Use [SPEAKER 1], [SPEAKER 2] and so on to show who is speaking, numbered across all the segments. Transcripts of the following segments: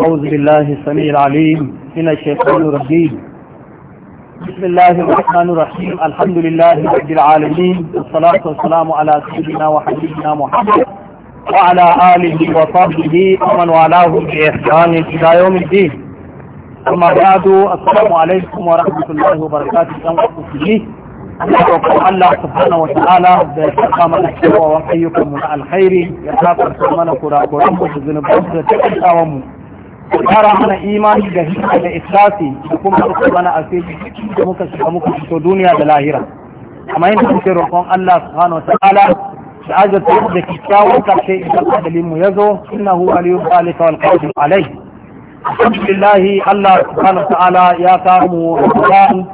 [SPEAKER 1] أعوذ بالله السميع العليم من الشيطان الرجيم بسم الله الرحمن الرحيم الحمد لله رب العالمين والصلاة والسلام على
[SPEAKER 2] سيدنا وحبيبنا محمد وعلى آله وصحبه ومن والاه بإحسان إلى يوم الدين أما بعد السلام عليكم ورحمة الله وبركاته أنكم الله سبحانه وتعالى بإحسان الشر ووحيكم من الخير يا يتاكم سمنا كراكم وذنوبكم وتكتاومكم kara mana imani da hikima da ikhlasi da kuma rufe mana asiri da muka shiga muka fito duniya da lahira kamar yadda muke roƙon Allah subhanahu ta'ala da azurta da kyakkyawan karshe idan adalin mu ya zo innahu aliyu zalika wal qadir alai alhamdulillah Allah subhanahu ta'ala ya kamu Ramadan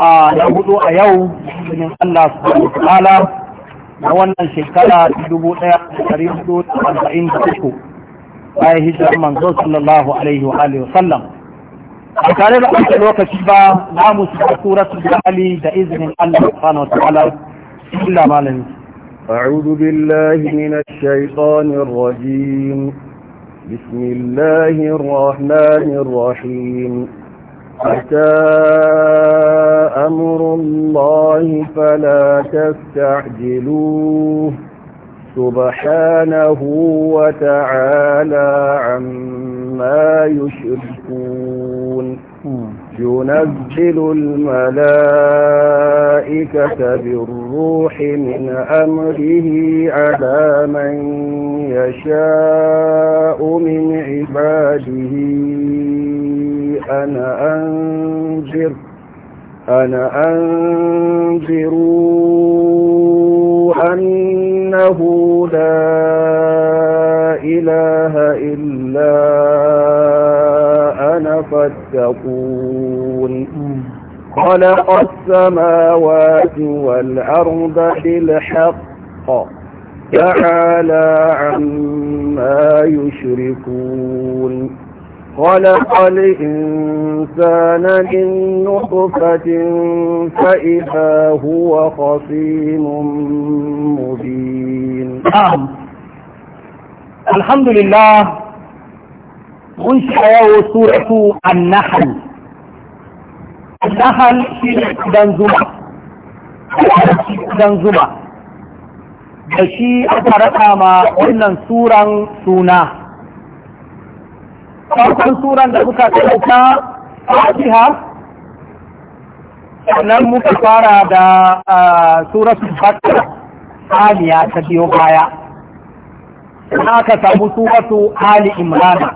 [SPEAKER 2] a da hudu a yau min Allah subhanahu ta'ala na wannan shekara dubu ɗaya da da da arba'in uku. bayan hijirar manzo sallallahu alaihi wa alihi wasallam a tare da wata lokaci ba za mu shiga suratul ali da izinin Allah subhanahu wa ta'ala illa malamin
[SPEAKER 1] أعوذ بالله من الشيطان الرجيم بسم الله الرحمن الرحيم أتى أمر الله فلا تستعجلوه سبحانه وتعالى عما يشركون ينزل الملائكة بالروح من أمره على من يشاء من عباده أن أنذر أن أنذروا أنه لا إله إلا أنا فاتقون خلق السماوات والأرض بالحق تعالى عما يشركون خلق الإنسان من نطفة فإذا هو خصيم مبين
[SPEAKER 2] نعم الحمد لله منشأ سورة النحل النحل في دنزمة دنزمة da shi aka raɗa ma wannan suran suna farkon suran da muka karanta fatiha sannan muka fara da suratul bakara aliya ta biyo baya sannan aka samu suratu ali imrana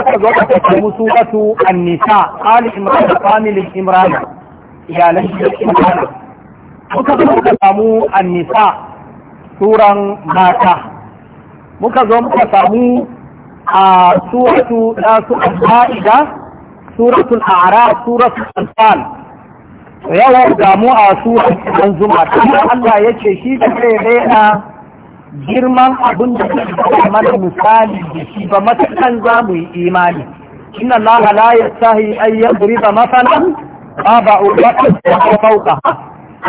[SPEAKER 2] aka zo aka samu suratu annisa ali imrana familin imrana iyalan imrana muka zo aka samu annisa suran mata muka zo muka samu a suratu su suratun qaida suratul a'raf suratul anfal yawa damu a suratul zuma. kuma Allah yace shi da zai rena girman abin da suke mana misali da shi ba matakan za mu yi imani inna Allah la yastahi an yadriba masalan baba urbatan wa fawqa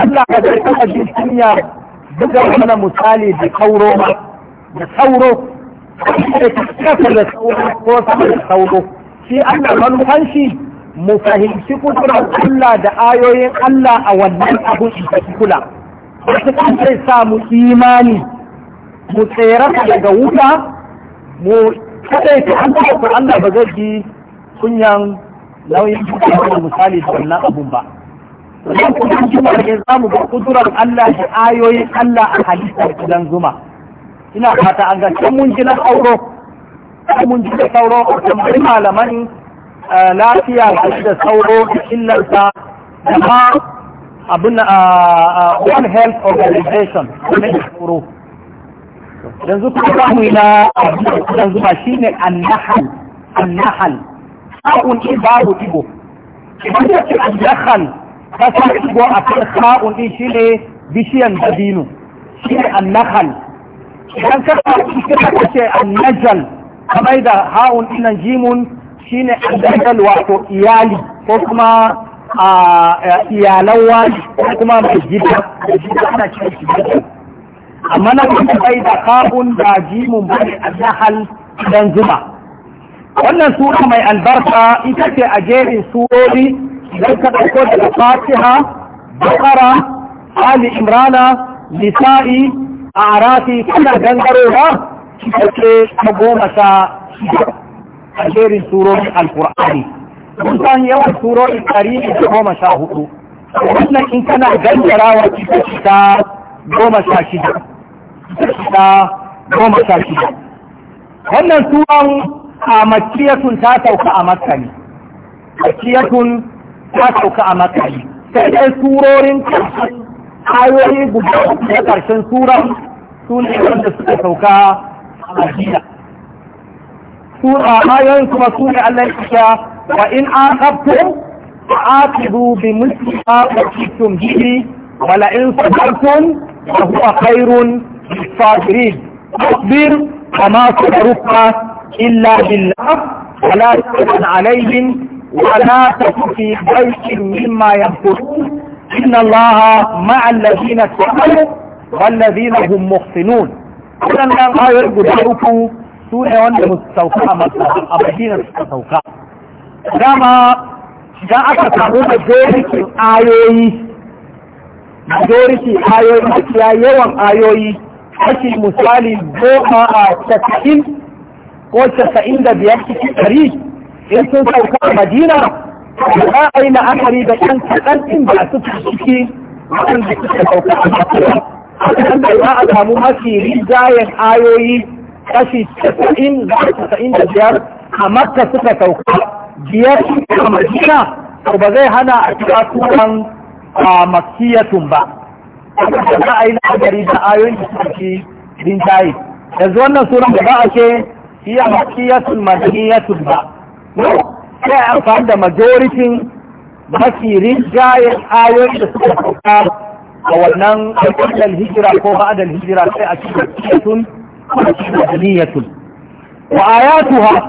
[SPEAKER 2] Allah ka zai kafa duniya buga mana misali da kauro da sauro kasa da sauro ko sama da sauro shi Allah manufan shi mu fahimci kudurar Allah da ayoyin Allah a wannan abu in kula. wasu kan zai sa mu imani mu tsere daga wuta mu kadai ta an ta Allah ba zai ji kunyan nauyin kudurar misali da wannan abun ba wannan kudurar ne za mu ga kudurar Allah da ayoyin Allah a halittar gidan zuma ina fata an gan mun ji na sauro mun ji da sauro a tambayi malaman eh, lafiya ga da sauro da illarsa da ma abin a eh, eh, one health organization na sauro yanzu kuma za mu yi na yanzu ba shi ne annahal annahal sa'un babu ibo idan da ce annahal ta sa ibo a kan sa'un shi ne bishiyan dabino shi ne annahal idan ka kira ka ce annajal kamar da ha'un ɗinan jimun shine annajal wato iyali ko kuma a iyalan wani ko kuma mai gida da gida ana ce shi gida amma na kuma bai da kabun da jimun bai annahal dan zuma wannan sura mai albarka ita ce a jerin surori idan ka ɗauko daga fatiha bakara ali imrana nisa'i a arafi kana gangarowa ɗauke na goma sa a jerin surorin alkur'ani mun san yawan tsari ɗari da goma sha hudu wannan in kana wa kika ta goma shida ta goma sha shida wannan suran a makiyatun ta sauka a makani makiyatun ta sauka a makani sai dai turorin karshen ayoyi guda na ƙarshen sura su ne wanda suka sauka a Madina. Sura ayoyin kuma su ne Allah ya kira wa in aqabtum fa'aqibu bi misli ma uqitum bihi wa la in sabartum fa huwa khairun lis-sabirin. Asbir kama sabaruka إلا بالله ولا تكن عليهم ولا تكن في بيت مما يمكرون إن الله مع الذين اتقوا والذين هم محسنون kudan nan ayoyi guda uku su ne wanda musu sauka a masa a madina suka sauka dama idan aka samu majoritin ayoyi yawan ayoyi kashi misali goma a casa'in biyar in sun sauka a madina za a yi la'akari da ɗan kaɗan ɗin da suke ciki waɗanda suke sauka a makara hakan da za a samu mafi rijayen ayoyi kashi casa'in da casa'in da biyar a makka suka sauka biyar a madina to ba zai hana a kira sunan a makiyatun ba za a yi la'akari da ayoyin da suke ci rinjaye yanzu wannan sunan da ba a ce iya makiyatun madaniyatun ba sai amfani da majoritin mafi rinjayen ayoyin da suka sauka a wannan ƙarƙar hijira ko ba'adar hijira sai a cikin tun cikin
[SPEAKER 1] madaniyatun
[SPEAKER 2] wa a ayatuha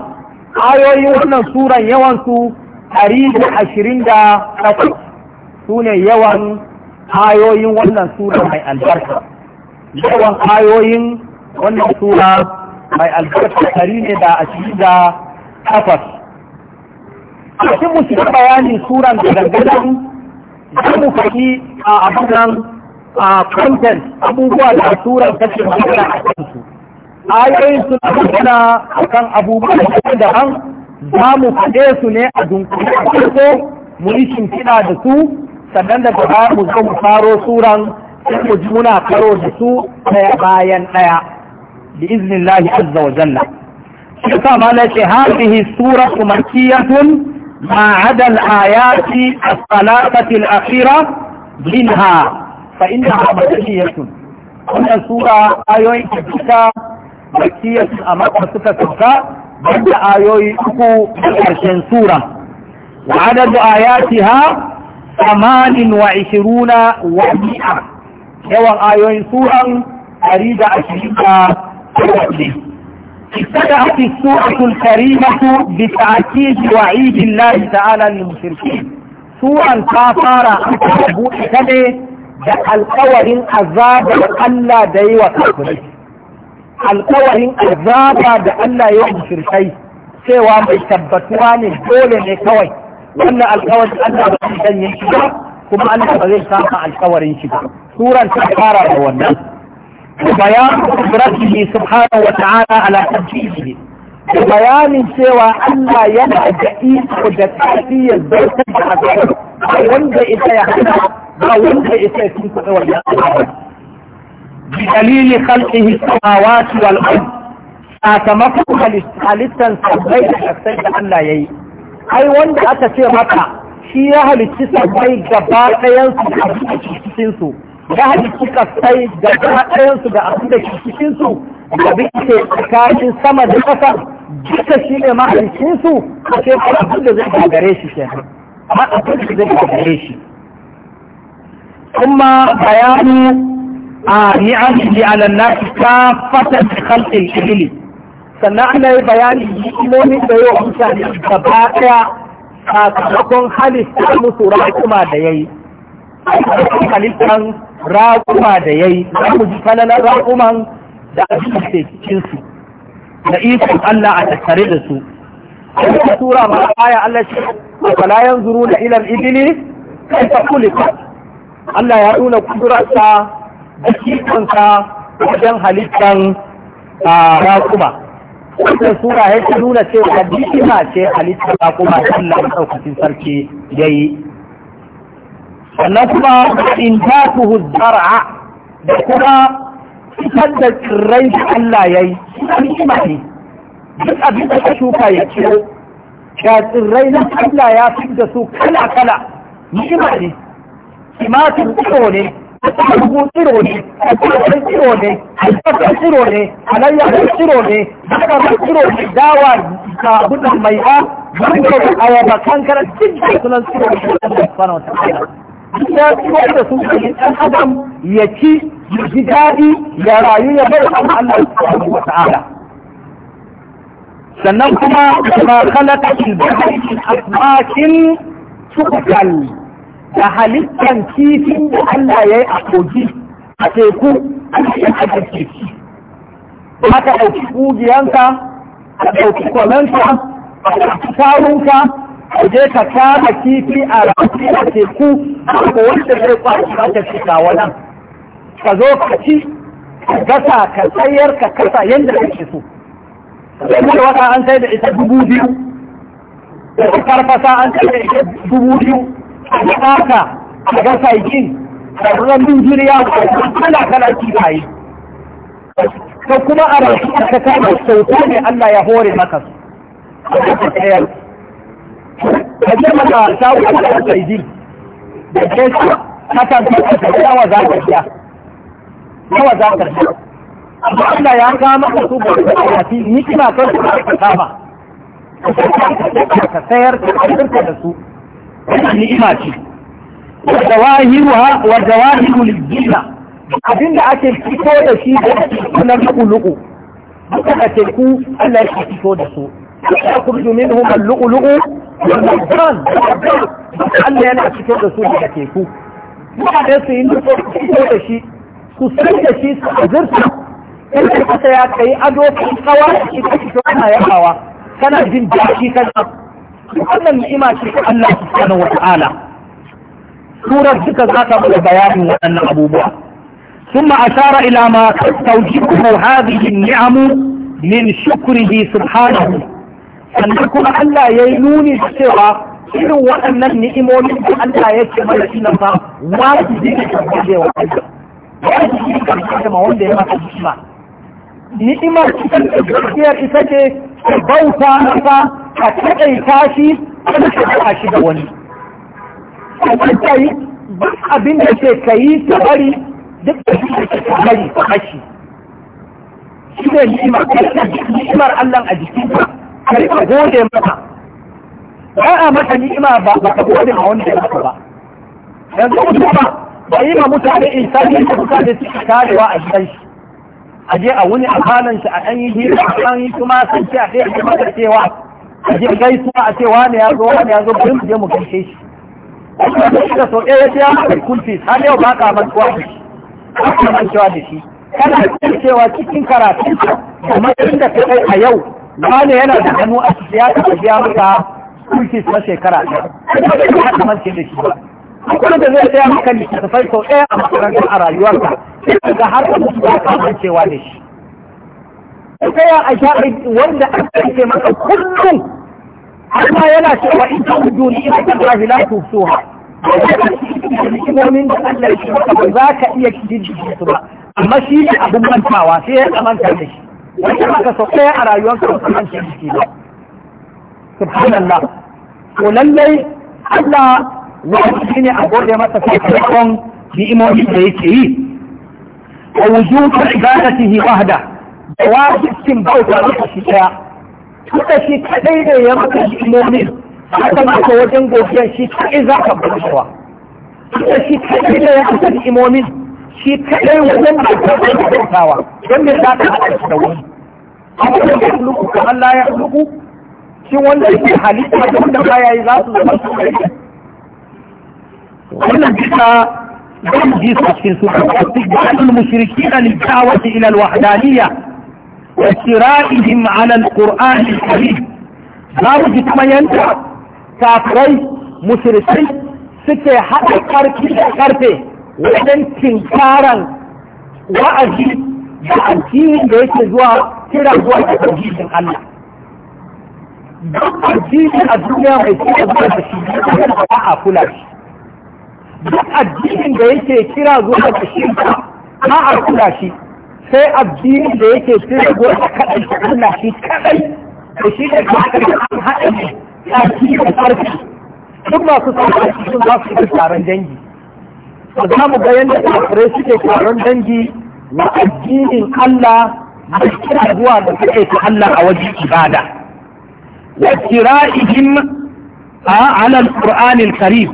[SPEAKER 2] ayoyin wannan suran yawansu ɗari ashirin da ɗafi su ne yawan ayoyin wannan sura mai albarka
[SPEAKER 1] yawan ayoyin
[SPEAKER 2] wannan sura mai albarka ɗari ne da ashirin da takwas kafin mu shiga bayanin suran da gangan zai mu faɗi a abunan a content abubuwa da suran kashe ce magana a kansu ayoyin suna magana a kan abubuwa da daban za mu faɗe su ne a dunkule a farko mu yi shimfiɗa da su sannan da baya mu zo mu faro suran sai mu ji muna karo da su ɗaya bayan ɗaya bi iznillahi azza wa jalla shi yasa ma na ce hadhihi suratu makkiyatun ما عدا الآيات الثلاثة الأخيرة منها فإنها مكية كل سورة آيوي كتبتا مكية أمام سورة سبقة بعد آيوي أكو أرشن سورة وعدد آياتها ثمان وعشرون ومئة هو آيوي سورة أريد أشريكا ابتدأت السورة الكريمة بتأكيد وعيد الله تعالى للمشركين سورة كافارة أبو كده القوهن عذاب ألا دي وكافرين القوهن عذاب ألا يوم شركي سوى ما يثبتوها من دول الكوي وأن القوهن ألا بشيء ينشبه كما أنه بغير سامع القوهن ينشبه سورة كافارة هو الناس وبيان قدرته سبحانه وتعالى على تنفيذه وبيان سوى أن لا ينع دقيق وجدتي البيت العظيم وانت إذا يحدث وانت إذا يكون بدليل خلقه السماوات والأرض sakamakon halittar sabbai da shaksai da Allah ya yi ai wanda aka ce maka shi ya halitti sabbai gaba ɗayansu a cikinsu ya kuka kasai da ɗayansu da abin da cikinsu da bincike tsakanin sama da ƙasa duka shi ne ma a ce kuma abin da zai gagare shi ke amma abin da zai gagare shi kuma bayani a ni'amihi ala nasi ta fata da khalqin ibili sannan ana yi bayani imomi da yau mutane gaba ɗaya sakamakon halitta musu rahama da ya yi. halittar raƙuma da ya yi za mu ji falalar raƙuman da abin da cikinsu da ikon Allah a tattare da su a tura ma aya Allah shi a falayan zuru da ilan ibili kai ta kulika Allah ya nuna kudurarsa da kikonsa wajen halittan raƙuma wannan sura ya nuna cewa bikima ce halittar raƙuma da Allah ya ɗaukacin sarki ya yi sannan kuma in ta tuhu zara da kuma fitar da tsirrai da Allah ya yi sun ne duk abin da ka shuka ya ciro da tsirrai na Allah ya fi da su kala kala hikima ne timatin tsiro ne abubu tsiro ne abubuwan tsiro ne albasar tsiro ne alayyar tsiro ne zakarar tsiro ne dawa ga abunan mai ba zan a yaba kankarar cikin sunan tsiro ne da sunan wata ya ciwo da su cikin ɗan adam ya ci ya ji daɗi ya rayu ya bar amma Allah subhanahu wa ta'ala sannan kuma kuma khalaqa fil bahri a asmakin suqal da halittan kifin da Allah ya yi a koji, a teku a ya haɗa kifi haka ɗauki ƙugiyanka ka ɗauki kwalanka ka ɗauki tarunka ku je ka kama kifi a rafi a teku ko wanda zai kwashi ba ta cika wannan ka zo ka ci ka gasa ka tsayar ka kasa yadda kake so sai mu wata an sai da ita dubu biyu da karfasa an sai da ita dubu biyu a gasa a gasa yi da ruwan duniya ko kala kala kifaye ko kuma a rafi ka kama sauta ne Allah ya hore maka su a ka je maka sawu ka da saidi da ke ka ta ta ta yawa za ka ya yawa za ka biya. amma Allah ya ga maka su ba ka fi ni kina son ka kama ka sayar ka da su Ni ni'ima ce jawahiruha wa jawahiru lil-jinna abin da ake fito da shi da sunan lu'u-lu'u duka da teku Allah ya fito da su يخرج منهما اللؤلؤ والمرجان قال لي انا عشان كده سوق حكيكو ماشي انت كل شيء كل شيء غير انت حتى يا ادو في قوار كان يا هوا كان الدين جاكي كان كل من يما شيء الله سبحانه وتعالى سورة ذكا ذاك بيان وأن أبو بكر ثم أشار إلى ما توجبه هذه النعم من شكره سبحانه sannan kuma Allah ya yi nuni da cewa irin waɗannan ni'imomin da Allah ya ce mana shi nan ba wajibi ne ka gode wa Allah wajibi ne ka gode ma wanda ya maka ni'ima ni'imar gaskiyar ita ce ka bauta masa ka taƙaita shi kada ka haɗa shi da wani ka yi abin da ke ka ta bari duk da shi ka bari ka hashi shi ne ni'imar Allah a jikinka ka rika gode masa ba a masa ni'ima ba ba ka gode ma wanda ya maka ba yanzu mutum ba ba yi ma mutane insani da mutane suke karewa a gidan shi a je a wuni a halin shi a ɗan yi hira a ɗan yi kuma sun ce a ɗaya ke maka cewa a je gaisuwa a ce wani ya zo wani ya zo bari mu je mu gaishe shi kuma da shi da sau ɗaya ya ce ya maka kulfi har yau ba ka mantuwa da shi ba ka mantuwa da shi kana cewa cikin karatu da matsayin da ka kai a yau wani yana da hannu a cikin ya taɓa biya maka kurkis na shekara ɗaya da shi ba kuma da zai tsaya maka littattafai sau ɗaya a makaranta a rayuwarka sai ga har da mutu ba ka amincewa da shi sai a aiki wanda aka ce maka kullum amma yana cewa in ta gudu ni ina kan rahila su suha hikimomin da Allah ya shi ba za ka iya kididdige su ba amma shi ne abin mantawa sai ya manta da shi wanda aka sau ɗaya a rayuwarka ba san shi jiki ba subhanallah to lallai Allah wajibi ne a gode masa sakamakon ni'imomi da yake yi wa wujudu ibadatihi wahda da wajibcin bauta masa shi ɗaya kuka shi kadai ne ya maka ka haka maka wajen godiyar shi kadai za ka bauta kuka shi kadai ne ya maka ni'imomi shi kadai wajen da ta zai bautawa don me za ka haɗa shi da wani abu da ya huluku kamar la ya huluku shi wanda yake halitta da wanda baya yi za su zama su kai wannan bisa zan ji su cikin su استجعال المشركين للدعوة إلى الوحدانية واجترائهم على القرآن الكريم za ji kuma yanta kafirai mushrikai suke haɗa ƙarfi da ƙarfe wajen tinkaran wa'azi da addinin da yake zuwa kira zuwa da Allah duk addini a duniya mai kira zuwa da shi da ba a kula shi duk addinin da yake kira zuwa da shi ba a kula shi sai addinin da yake kira zuwa da da Allah shi kaɗai da shi da kadai an haɗa ne ya ci da farki duk masu sauƙi sun ba su yi taron dangi za mu ga yadda kafirai suke taron dangi na addinin Allah da kira zuwa da suke ta Allah a wajen ibada wa kira'ihim a alal qur'anil karim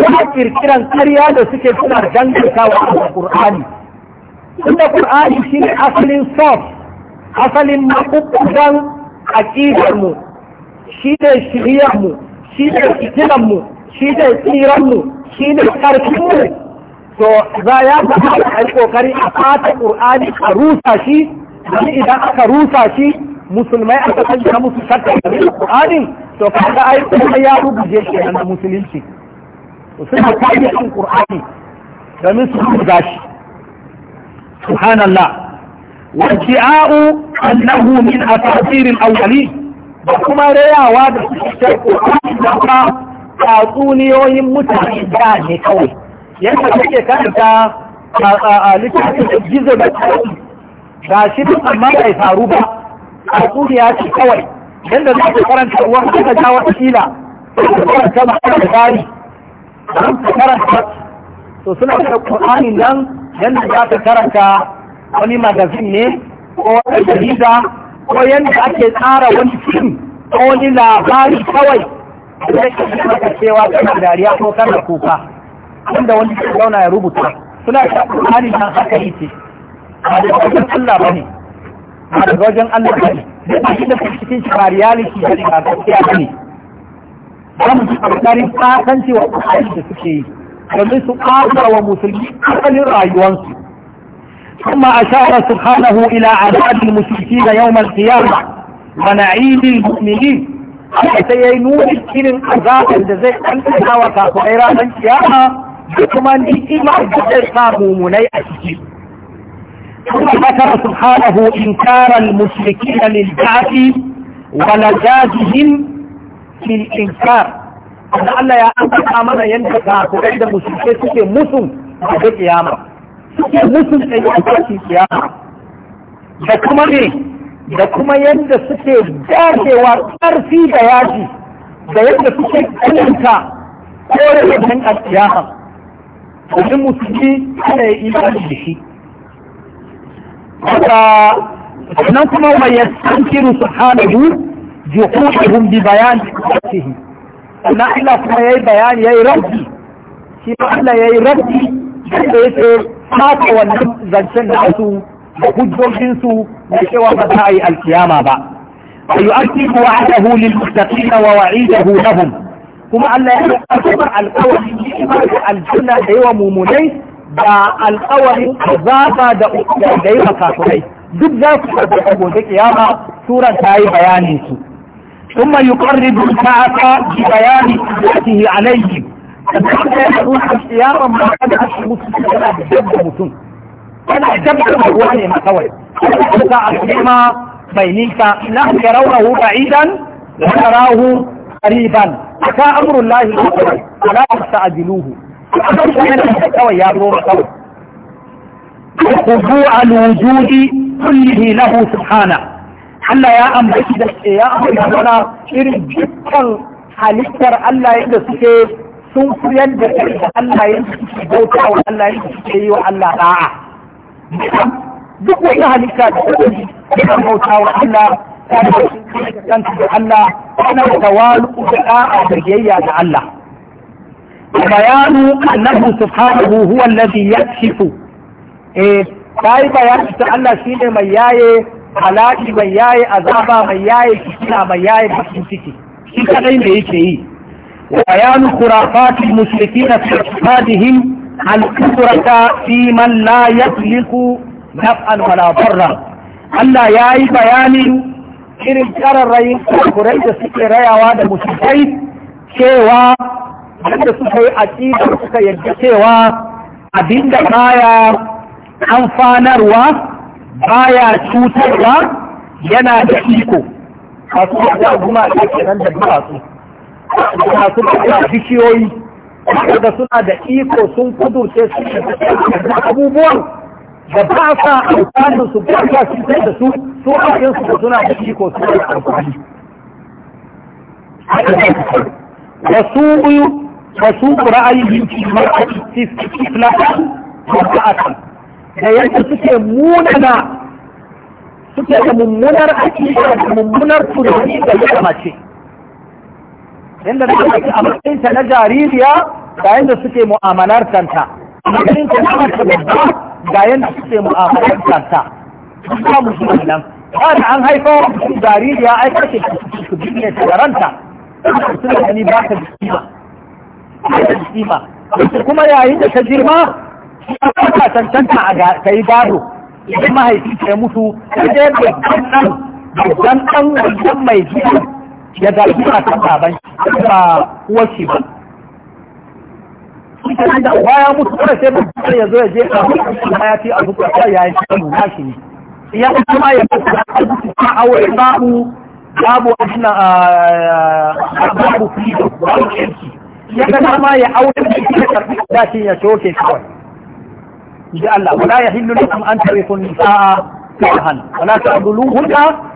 [SPEAKER 2] kuma kirkiran karya da suke suna danganta wa qur'ani tunda qur'ani shine asalin sof asalin makukudan aqidar mu shi ne shiriyar mu shi ne fitilan mu shi ne tsiran mu shi ne ƙarfin mu to za ya kamata a ƙoƙari a fata ƙur'ani a rusa shi domin idan aka rusa shi musulmai aka kanta musu shakka game da ƙur'anin to kaga ai kuma ya rubuje shi na musulunci suna kare kan ƙur'ani domin su rubuta shi subhanallah وادعاء أنه Kuma أساطير da وكما رياوا da القرآن tatsuniyoyin mutane da ne kawai yadda kake karanta a littafin gizo da tsari ga shi duk amma bai faru ba tatsuniya ce kawai yadda za ka karanta uwar ka ja a kila ka karanta ma'ana da gari ka karanta to suna da ƙur'anin nan yadda za ka karanta wani magazin ne ko wata jarida ko yadda ake tsara wani fim ko wani labari kawai rashin maka cewa kana dariya ko kana kuka inda wani ke zauna ya rubuta suna ta hali nan haka yake ba da wajen Allah bane ba da wajen Allah bane da shi da cikin reality da ba gaskiya bane ba mu ci kokarin fasanci wa Qur'ani da suke yi domin su ƙasa wa musulmi asalin rayuwansu ثم أشار سبحانه إلى عذاب المشركين يوم القيامة ونعيم المؤمنين Allah sai irin azabar da zai ɗanɗana wa kafirai ranar kiyama da kuma ni'ima da zai sa mumunai a ciki. Kuma makar subhanahu in kara da na lintafi wa na jazihin fil in Allah ya ambata mana yadda kafirai da musulki suke musun Suke musun da yi a kiyama. Da kuma ne da kuma yadda suke dacewa ƙarfi da yaji da yadda suke ƙarfinta ko da yadda alƙiyama domin musulmi ana yi imani da shi sannan kuma wa yastankiru subhanahu juhudihum bi bayan qudratihi sannan Allah kuma ya bayan bayani yi rabbi shi ma Allah yi rabbi da yake ta wannan zancen da asu. da hujjojinsu mai cewa ba a yi alkiyama ba a yi arki kuwa a da hulil wa wa'i da hulahun kuma Allah ya yi alkawar alkawarin ni'ima da aljanna yawa mumunai da alkawarin azaba da uku da yawa kafirai duk za su karbi gobe kiyama suran ta yi bayani su ثم يقرب الساعة ببيان قدرته عليه. فكيف يكون القيامة ما قدرته مسلم ولا بجد مسلم. kana dabbar ruwa ne ma kawai kusa al'umma mai nisa na ka a ba'idan wa tarahu qariban aka amrullahi ala ta'jiluhu kawai ya zo kawai خضوع الوجود كله له سبحانه Allah ya ambaci da ya ambaci irin dukkan halittar Allah yadda suke sun fiyar da kai da Allah yadda suke bauta wa Allah yadda suke yi wa Allah da'a. duk wani halitta da kudi yana bauta wa Allah ta da kanta da Allah ana da tawalu da da'a da biyayya da Allah bayanu annahu subhanahu huwa alladhi yakshifu eh sai bayanu ta Allah shine mai yaye halaki mai yaye azaba mai yaye kina mai yaye bakin ciki shi kadai ne yake yi wa bayanu khurafatil mushrikina fi ibadihim al-qudrata fi man la ya naf'an na darra Allah yi bayanin irin kararrayin kurai da suke rayawa da musulmai cewa wanda suka yi aƙidar suka yarda cewa abinda baya amfanarwa baya cutarwa yana da iko masu yadda guma a nan da duwatsu masu da bishiyoyi da suna da iko sun kudurce su da abubuwan da ba sa amfanin su ba sa su da su su akin su suna da iko su da amfani wasu uyu wasu ra'ayin fi mar'ati istiflatan wa da yadda suke munana suke da mummunar aƙida da mummunar tunani da ya mace inda na ɗauki a matsayinta na jaririya ga yadda suke mu'amalar kanta a matsayinta na mace babba ga yadda suke mu'amalar kanta ba mu shi nan ba da an haifo jaririya ai kake su binne ta garanta su da gani ba ta jima ba ta jima kuma yayin da ta girma ta tantanta a ga, ta yi gado idan mahaifi ta mutu ta yadda babban ɗan babban ɗan mai gida ya ga ina ta baban ba uwar shi ba baya mutu kuma sai mutu ya zo ya je a hukunci ya fi a hukunci ya yi shi na shi ne ya kuma ya fi a hukunci ta aure babu babu wannan a ah, ah, babu fido babu yanki ya ga dama ya aure da shi ya karfi dashin ya shoke kawai ji Allah wala ya hillu lakum an tarifun nisaa kahan wala ta'duluhunna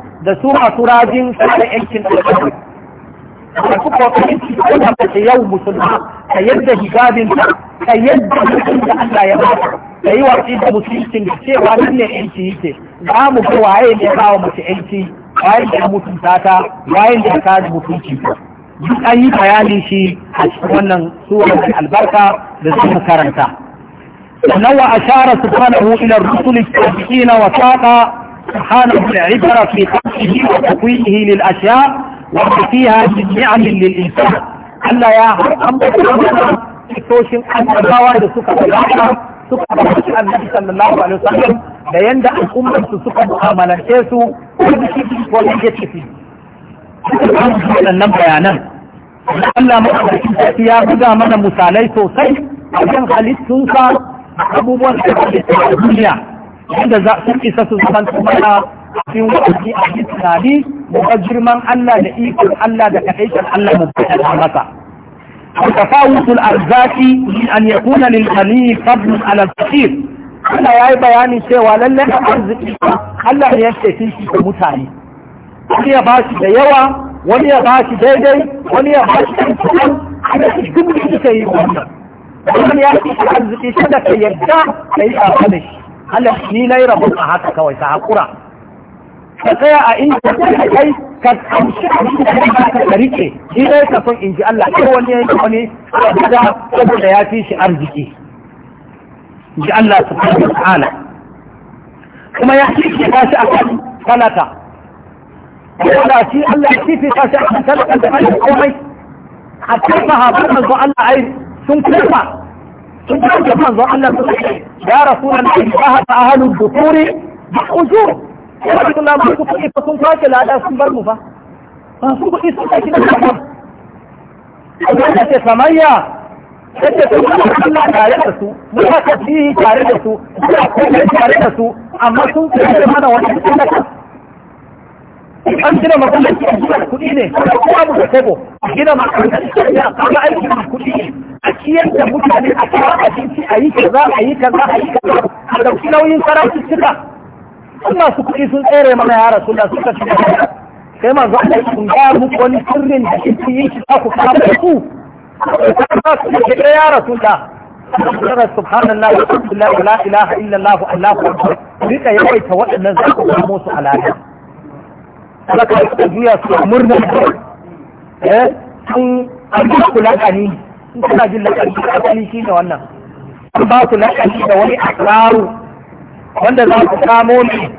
[SPEAKER 2] da su masu rajin kare yankin al'adu da su kokarin cikin da yau musulma ka yadda hijabin ka yadda mutum da Allah ya baka ka yi watsi da musulcin da cewa nan ne yanki yake za mu ga waye ne ba wa mace yanki waye da mutunta ta waye da mutunci duk an yi bayanin shi a cikin wannan suwar albarka da suka karanta. Sannan wa ashara subhanahu ila rusuli tabi'ina wa saqa سبحانه العبرة في خلقه وتكوينه للأشياء وفيها من نعم للإنسان ألا يا سوشن أن الأبواء لسكة الأحرى سكة النبي صلى الله عليه وسلم بيان ده الأمة سكة مؤاملة كيسو وليجت فيه wannan bayanan Allah maɗaukakin sarki ya buga mana misalai sosai a kan halittunsa abubuwan da ke duniya wanda za su isa su zaman mana a cikin wa'azi a cikin tunani mu girman Allah da ikon Allah da kaɗaikan Allah mu maka. ta masa وتفاوت الأرزاق من أن يكون للغني فضل al الفقير Allah ya yi bayani cewa lallai a arziki Allah ne ya shafi shi da mutane. Wani ya ba shi da yawa, wani ya ba shi daidai, wani ya ba shi da kuɗin, ana shi duk da suka yi wannan. Wani ya shi arziki shi da ka yarda ka yi a da shi. Allah ni na yi a haka kawai ta haƙura ka tsaya a inda ka kai ka kamshi abin da ka ka ka rike ni na yi ka son in ji Allah ko wani yayi wani da saboda ya fi shi arziki ji Allah subhanahu wa ta'ala kuma ya fi shi kashi a kan talata wanda shi Allah shi fi kashi a kan talata da komai a kan sahabban manzo Allah ai sun kuma sun kauce manzon Allah su ce ya rasulan Allah ba haka ahalul dukuri da ujur
[SPEAKER 1] ya rasu Allah masu
[SPEAKER 2] kuɗi fa sun kwace lada sun bar mu fa masu kuɗi sun kwace lada sun bar Allah ce samayya yadda su Allah tare da su mun haka fihi tare da su muna kuma tare da su amma sun kwace mana wannan kuɗi an gina masallaci a gina kuɗi ne kuma abu da kobo a gina masallaci a kama aiki da kuɗi ne a ciyar da mutane a kawo abinci a yi kaza ayi yi kaza a yi kaza a ɗauki nauyin farashin cika sun masu kuɗi sun tsere mana ya rasu da suka ci sai manzo Allah sun ga muku wani sirrin da kike yi shi ku kama da su ba su da eh, yara sun da daga wa walhamdulillahi la ilaha illallah allahu akbar rika yawaita waɗannan zaku samu musu alaka talaka da su murna eh, sun an ba lakani in jin lakani asali shine wannan an ba ku lakani da wani akraru wanda za su samo ne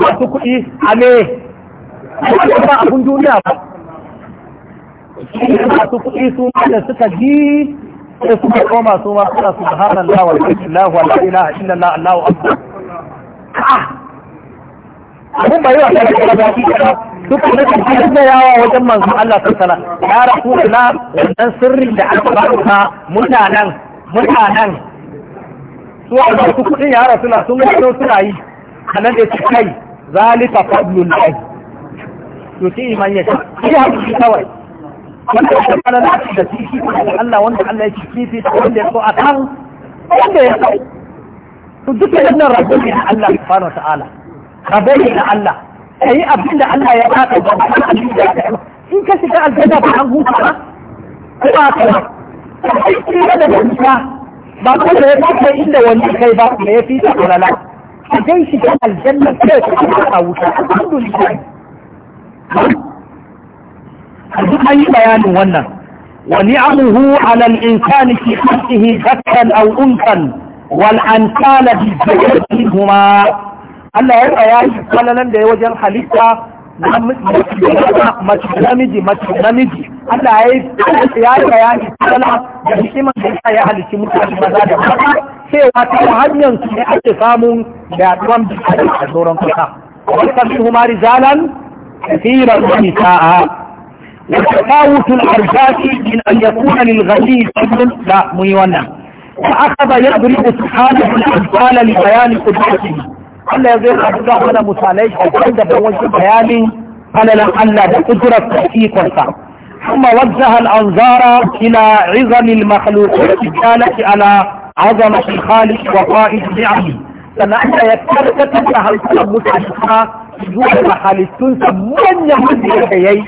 [SPEAKER 2] masu kuɗi a me ba abun duniya ba masu kuɗi su da suka ji sai suka koma su ma suna subhanallah walhamdulillah wa la ilaha illallah allahu akbar abin ba yawa kana kana ba duka na kan da yawa wajen manzo Allah sallallahu alaihi wasallam ya rasuluna wannan sirri da aka baka mutanen mutanen su a ba su kudin ya rasula sun gano suna yi anan da su kai zalika fadlul lahi to shi iman ya ta shi hakuri kawai wanda ya fara da shi da shi Allah wanda Allah ya ci da wanda ya so kan wanda ya so to da wannan rabbi Allah subhanahu wa ta'ala ka bari na Allah kai abin da Allah ya baka ba ka abin da ya in ka shiga aljanna ba an huta ba ko ba ka ba kai ki da gaskiya ba ko da ya baka inda wani kai ba me ya fita ta kulala ka dai shiga aljanna sai ka wuta alhamdulillah duk an yi bayanin wannan wani ونعمه على الإنسان في خلقه ذكا أو أنثى والأنثال بالزوج منهما Allah ya tsaya shi kalalan da ya wajen halitta mace namiji mace namiji Allah ya yi ya tsaya shi kalala da hikimar da ya halitta mutane maza da mata cewa ta hanyar su ne ake samun yaduwan bisani a sauran kasa wata min huma rijalan kafiran wani sa'a
[SPEAKER 1] وتفاوت
[SPEAKER 2] الأرجاء من أن يكون للغني سبب لا ميونا وأخذ يضرب سبحانه الأمثال لبيان قدرته Allah ya zai haɗu da mana misalai shakkar da ban wajen bayanin falalan Allah da kudurar tasikonsa. Kuma wajen al'anzara ila izalil makhluqin ijalati ala azama al-khaliq wa qa'id bi'ahi. Sannan Allah ya karkatar da hankulan mutane zuwa ga halittunsa manyan mutane da yayi.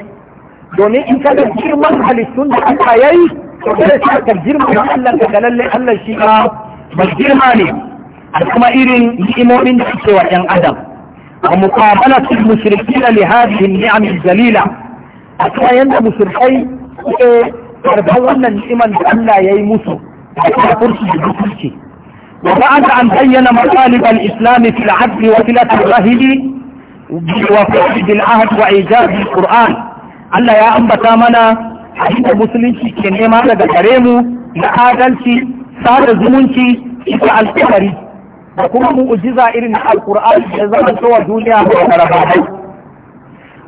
[SPEAKER 2] Domin in kada girman halittun da aka yayi, to kada ka girman Allah ka ga lallai Allah shi ka girma ne. a kuma irin ni'imomin da ake wa ‘yan adam a muqabalatul mushrikina li hadhihi ni'am jalila a kuma yanda mushrikai suke karban wannan ni'iman da Allah yayi musu a kafirci da kafirci وبعد أن بين مطالب الإسلام في العدل وصلة الرهيل وفقد العهد وإيجاب القرآن Allah ya ambata mana abinda musulunci ke nema daga gare mu na adalci, sada zumunci, ita alkawari. da kuma mu'jiza irin na alqur'ani da zama tsawa duniya da karabai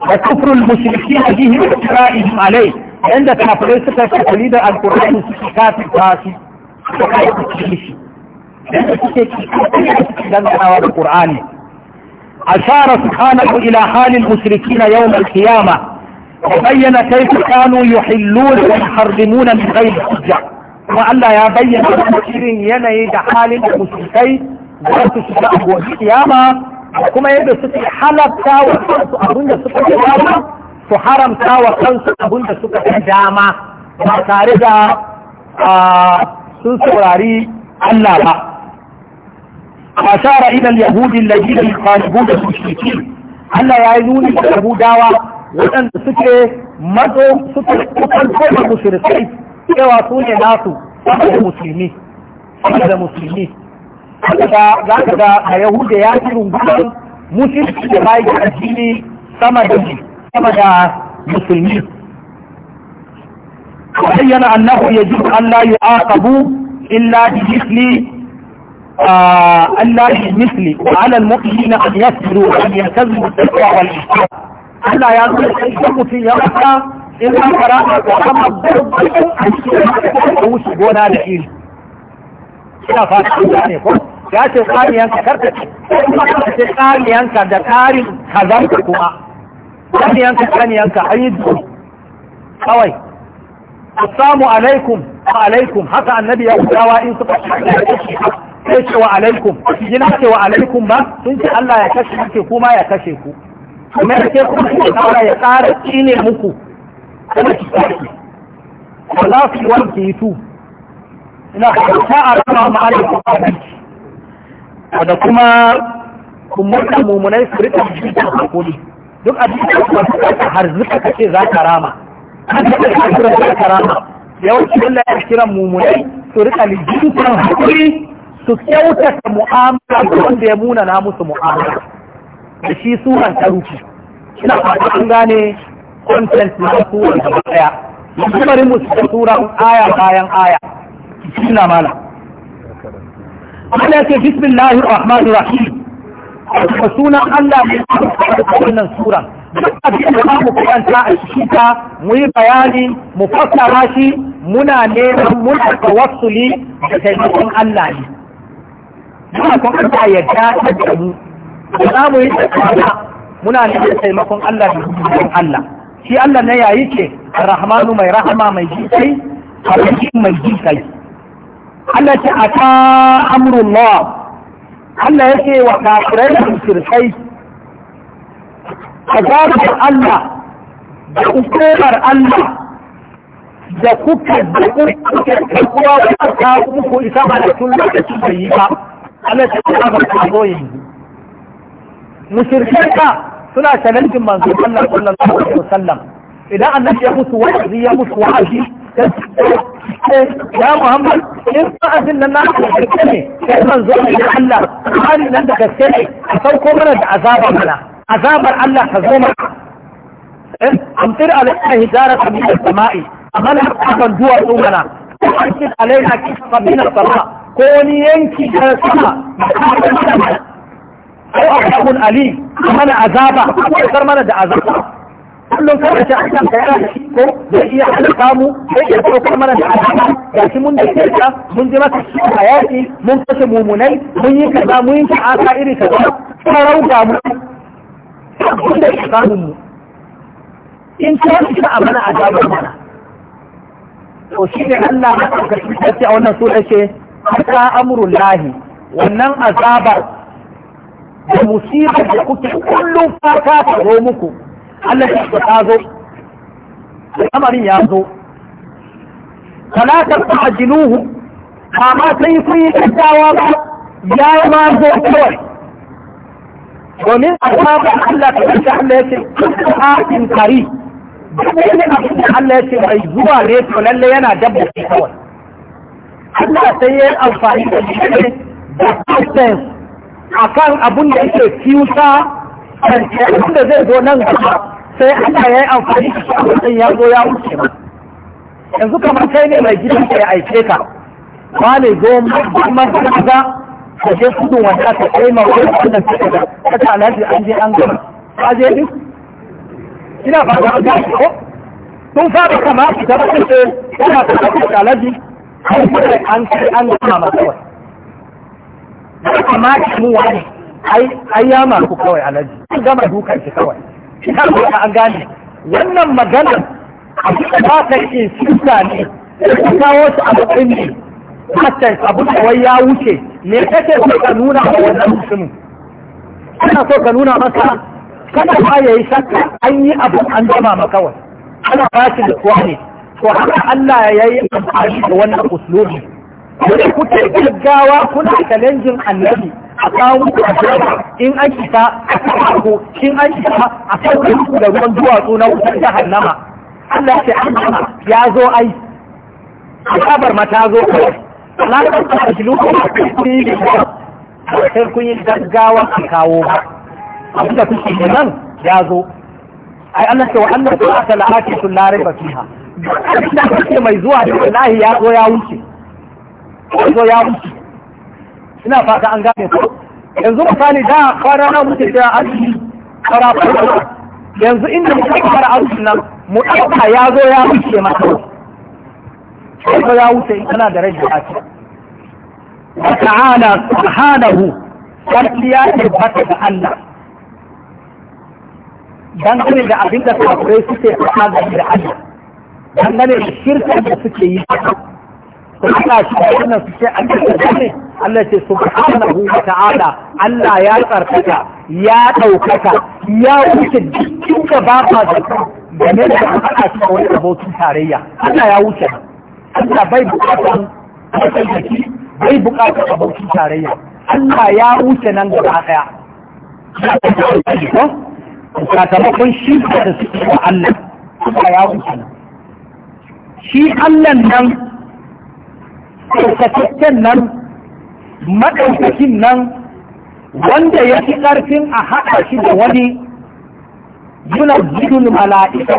[SPEAKER 2] wa kufrul mushrikin bihi wa tira'ihim alayh inda kafirai suka kafiri da alqur'ani suka kafir fasu suka kafir shi da suke kafir da alqur'ani أشار سبحانه إلى حال المشركين يوم القيامة وبين كيف كانوا يحلون ويحرمون من غير حجة وألا يبين المشركين ينهي حال المشركين za su shiga a gobe kiyama kuma yadda suke halatta wa kansu abin da suka ga dama su haramta wa kansu abin da suka ga dama ba tare da sun saurari Allah ba فأشار إلى اليهود الذين يخالفون المشركين Allah ya yi nuni da Yahudawa waɗanda suke mazo suke kwanto da mushrikai cewa su ne nasu saboda musulmi saboda musulmi haka za ka ga a yahuda ya fi rungunan musulunci da bayan addini sama da sama da musulmi bayyana annahu yajib an la yu'aqabu illa bi mithli Allah bi mithli wa 'ala al-mu'minina an yasbiru wa an yaltazimu at-taqwa wal Allah ya zo da mutum ya fara in an fara da Muhammad da cikin wuce gona da iri suna fata da ne ko ya ce ka karta ce ya ce ce ka da tsarin kazanka kuma an yi duk kawai assalamu alaikum wa alaikum haka annabi ya kudawa in suka sai ce wa alaikum yana ce wa alaikum ba sun ce Allah ya kashe muke kuma ya kashe ku kuma ya ce kuma ya kara ya tsara ne muku kuma ki kashe Allah su yi wani yi tu na ta a kuma kumurta mummunai su rika jikin hakuri duk abin da kuma har zuka kace za ka rama an da ka kira ya mummunai su rika jikin su kyautata mu'amala da wanda ya muna na musu mu'amala da shi suran ta ina an gane content na suran gaba daya musamman musu suran aya bayan aya suna mala Allah ce bismillahir rahmanir rahim da sunan Allah ne a wannan sura duk abin da mu kwanta a cikin ta mu yi bayani mu fassara shi muna neman muna tawassuli da taimakon Allah ne muna kun Allah ya dace da mu za mu yi tsakana muna neman taimakon Allah da taimakon Allah shi Allah na yayi ce Rahmanu mai rahama mai jikai Al-Rahim mai jikai Allah ce a ta amurin mawa Allah yake wa kafirai da shirkai Allah da hukumar Allah da kuka da kuka da ta yi ba Allah ba ta zo suna shalantin manzo sallallahu alaihi wasallam idan annabi ya mutu wa'azi ya mutu wa'azi ya Muhammad in ba'azin nan na karfe ne kai zan zo ne Allah hali nan da gaske ne a sauko mana da azabar mana azabar Allah ta zo mana eh, amtir alaihi hijara min as-sama'i mana akan duwa mana أكد علينا كسفا من الصلاة كوني ينكي كسفا أو mana azaba ko عذابا mana da azaba. kullum kawai ta akan da shi ko da iya halaka mu sai ya saukar mana da alama ga shi mun da kirka mun ji masa shi a yaƙi mun kashe mumunai mun yi kaza mun yi ta'aka iri kaza sarau ga mu abin da ya samu mu in ta yi ta a mana a jabar mana to shi ne Allah ya ɗaukaci ta ce a wannan sura ce ta amurun lahi wannan azabar da musibar da kuke kullum fata ta zo muku Allah ya ce ta zo al'amarin ya zo talatar ta ajinuhu kama sai kun yi gaggawa ba ya yi ma zo kawai domin azabar Allah ta kanta Allah ya ce kuka kari duk wani abin da Allah ya ce mai zuwa ne to lalle yana dabba shi kawai Allah sai ya yi amfani da shi da sense akan abun da yake kan and abin da zai zo nan gaba sai Allah ya yi amfani da shi a ya zo ya wuce ma yanzu kamar kai ne mai gidan ka ya aike ka ba ne goma da kaza ka je kudin wanda ka kai ma wani wannan ka ga ka ta alhaji an je an gama ka je duk ina ba ga gama ko sun fara kama su ta bakin ce yana ta kafin alhaji an kuma an kai an gama ma kawai ya kamata mu wani ai ya ma ku kawai alhaji an gama dukan shi kawai har kuma an gane wannan magana abu da ba ta yi ne ta kawo su a matsayin ne hatta abu da wai ya wuce me kake so ka nuna wa wannan mutumin kana so ka nuna masa kana ba ya yi shakka an yi abu an ma kawai ana ba shi da ne to haka Allah ya yi amfani da wannan uslubi da kuke gaggawa kuna challenging annabi a kawo muku a in an shiga a ko in an shiga a kawo muku da ruwan duwatsu na wutar jahannama Allah ya ce ya zo ai asabar ma ta zo kai na da ta shi lokacin sai kun yi gaggawa a kawo ba abin da kuke da nan ya zo ai Allah ce wa annabi ta la'ati sun lare ba fiha da kuke mai zuwa da wallahi ya zo ya wuce yanzu ya mutu ina fata an gane ko yanzu misali da kwana na mutu da arziki kara fara yanzu inda mutu ya fara arzikin nan mu ɗauka ya zo ya mutu ya mutu ko ya wuce ina da rage a ce wa ta'ala subhanahu sarki ya tabbata da Allah dangane da abin da kafirai suke fada da Allah dangane da shirka da suke yi ana cikin wannan su ce an kasa ne Allah ce subhanahu wa ta'ala Allah ya tsarkaka ya ɗaukaka ya wuce dukkan ka ba ba da game da ana cikin wani abokin tarayya Allah ya wuce Allah bai bukatan matsalaki bai bukatan abokin tarayya Allah ya wuce nan gaba ɗaya sakamakon shi da suke wa Allah Allah ya wuce nan shi Allah nan ɗaukakakken nan maɗaukakin nan wanda ya fi ƙarfin a haɗa shi da wani yana gudun mala'ika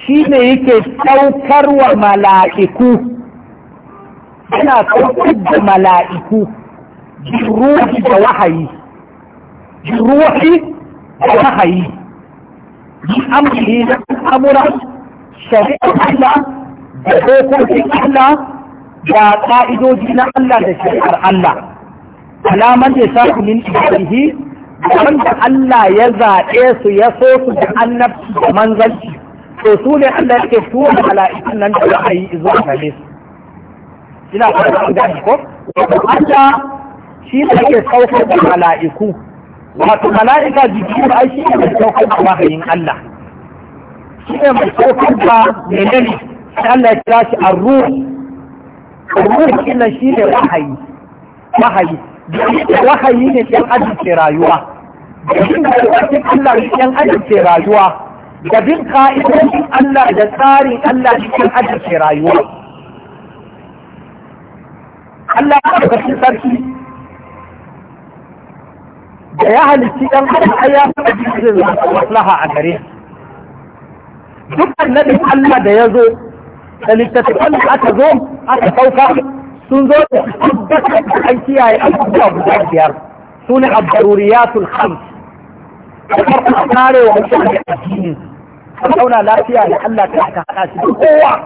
[SPEAKER 2] shi ne yake ɗaukarwa mala'iku yana saukar da mala'iku ruhi da wahayi ruhi da wahayi yi amfani da amura shari'a da dokokin Allah Da ƙa'idoji na Allah da shari'ar Allah alaman da sa min ibadihi wanda Allah ya zaɓe su ya so su da annabci da manzanci to su ne Allah ke tura mala'ikun nan da ra'ayi zuwa gare su ina fara da ko Allah shi ne yake saukar da mala'iku wato mala'ika jiki ba shi ne mai saukar da wahayin Allah shi ne mai saukar da menene Allah ya kira shi a ruhu shi ne wahayi wahayi wahayi ne yan ke rayuwa da Allah da Allah da tsarin Allah yan ya da ya halitti ya fara maslaha a gare duk annabin Allah da ya zo da littattafan da aka zo aka sauka sun zo da tabbatar da an kiyaye abubuwa guda biyar su ne abdaruriyatul khams da farko a kare wa mutum da addini ka zauna lafiya da Allah ta ka haɗa shi da kowa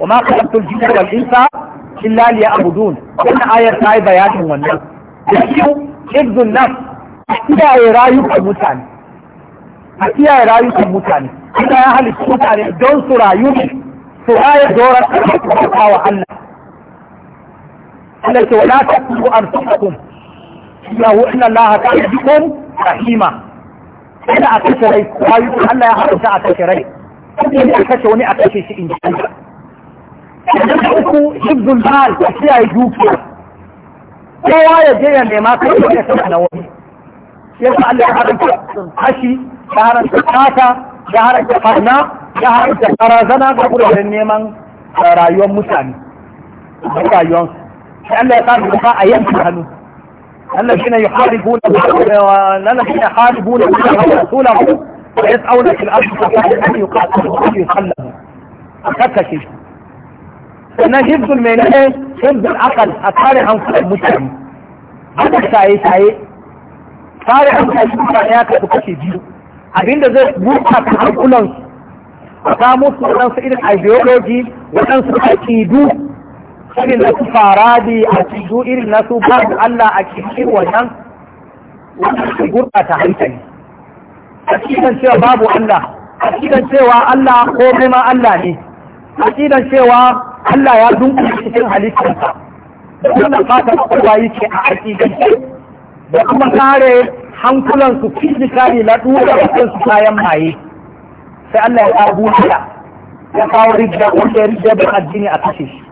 [SPEAKER 2] wa ma khalaqtul jinna wal insa illa liya'budun wannan ayar ta yi bayanin wannan da biyu ibzun nas kiyaye rayukan mutane a kiyaye rayukan mutane Allah ya halitta mutane don su rayu ne su haya doron ƙarfafa wa Allah Allah ke wala ta kuma arzukum yahu inna Allah ta arzukum rahima kada a kashe rai kwayoyin Allah ya haramta a kashe rai kuma a kashe wani a kashe shi in ji Allah uku hibdul mal a kiyaye dukiya kowa ya je ya nema kai ya yasa Allah ya haramta hashi ya haramta kata ya ya haɗa barazana ga gurgurin neman uh, rayuwar mutane da rayuwar sai Allah ya kama ba a yanki hannu Allah shi ne ya haribu da Allah shi ne haribu da ku ya tsauna fil ardi ta an yi qatu an yi akaka shi sannan hibdul mai ne hibdul a tare mutane tare mutane ya kashe biyu abinda zai gurɓata hankulansu ka musu waɗansu irin ideology waɗansu aƙidu irin na su faradi aƙidu irin na su ba Allah a cikin wannan wannan gurɓata hankali aƙidan cewa babu Allah aƙidan cewa Allah ko ma Allah ne aƙidan cewa Allah ya dunkule cikin halittarsa wannan fata kowa yake a aƙidance da kuma kare hankulansu fizikali na dura da kansu kayan maye sai Allah ya kawo buɗaya ya kawo rijiya wanda ya rijiya da addini a kashe shi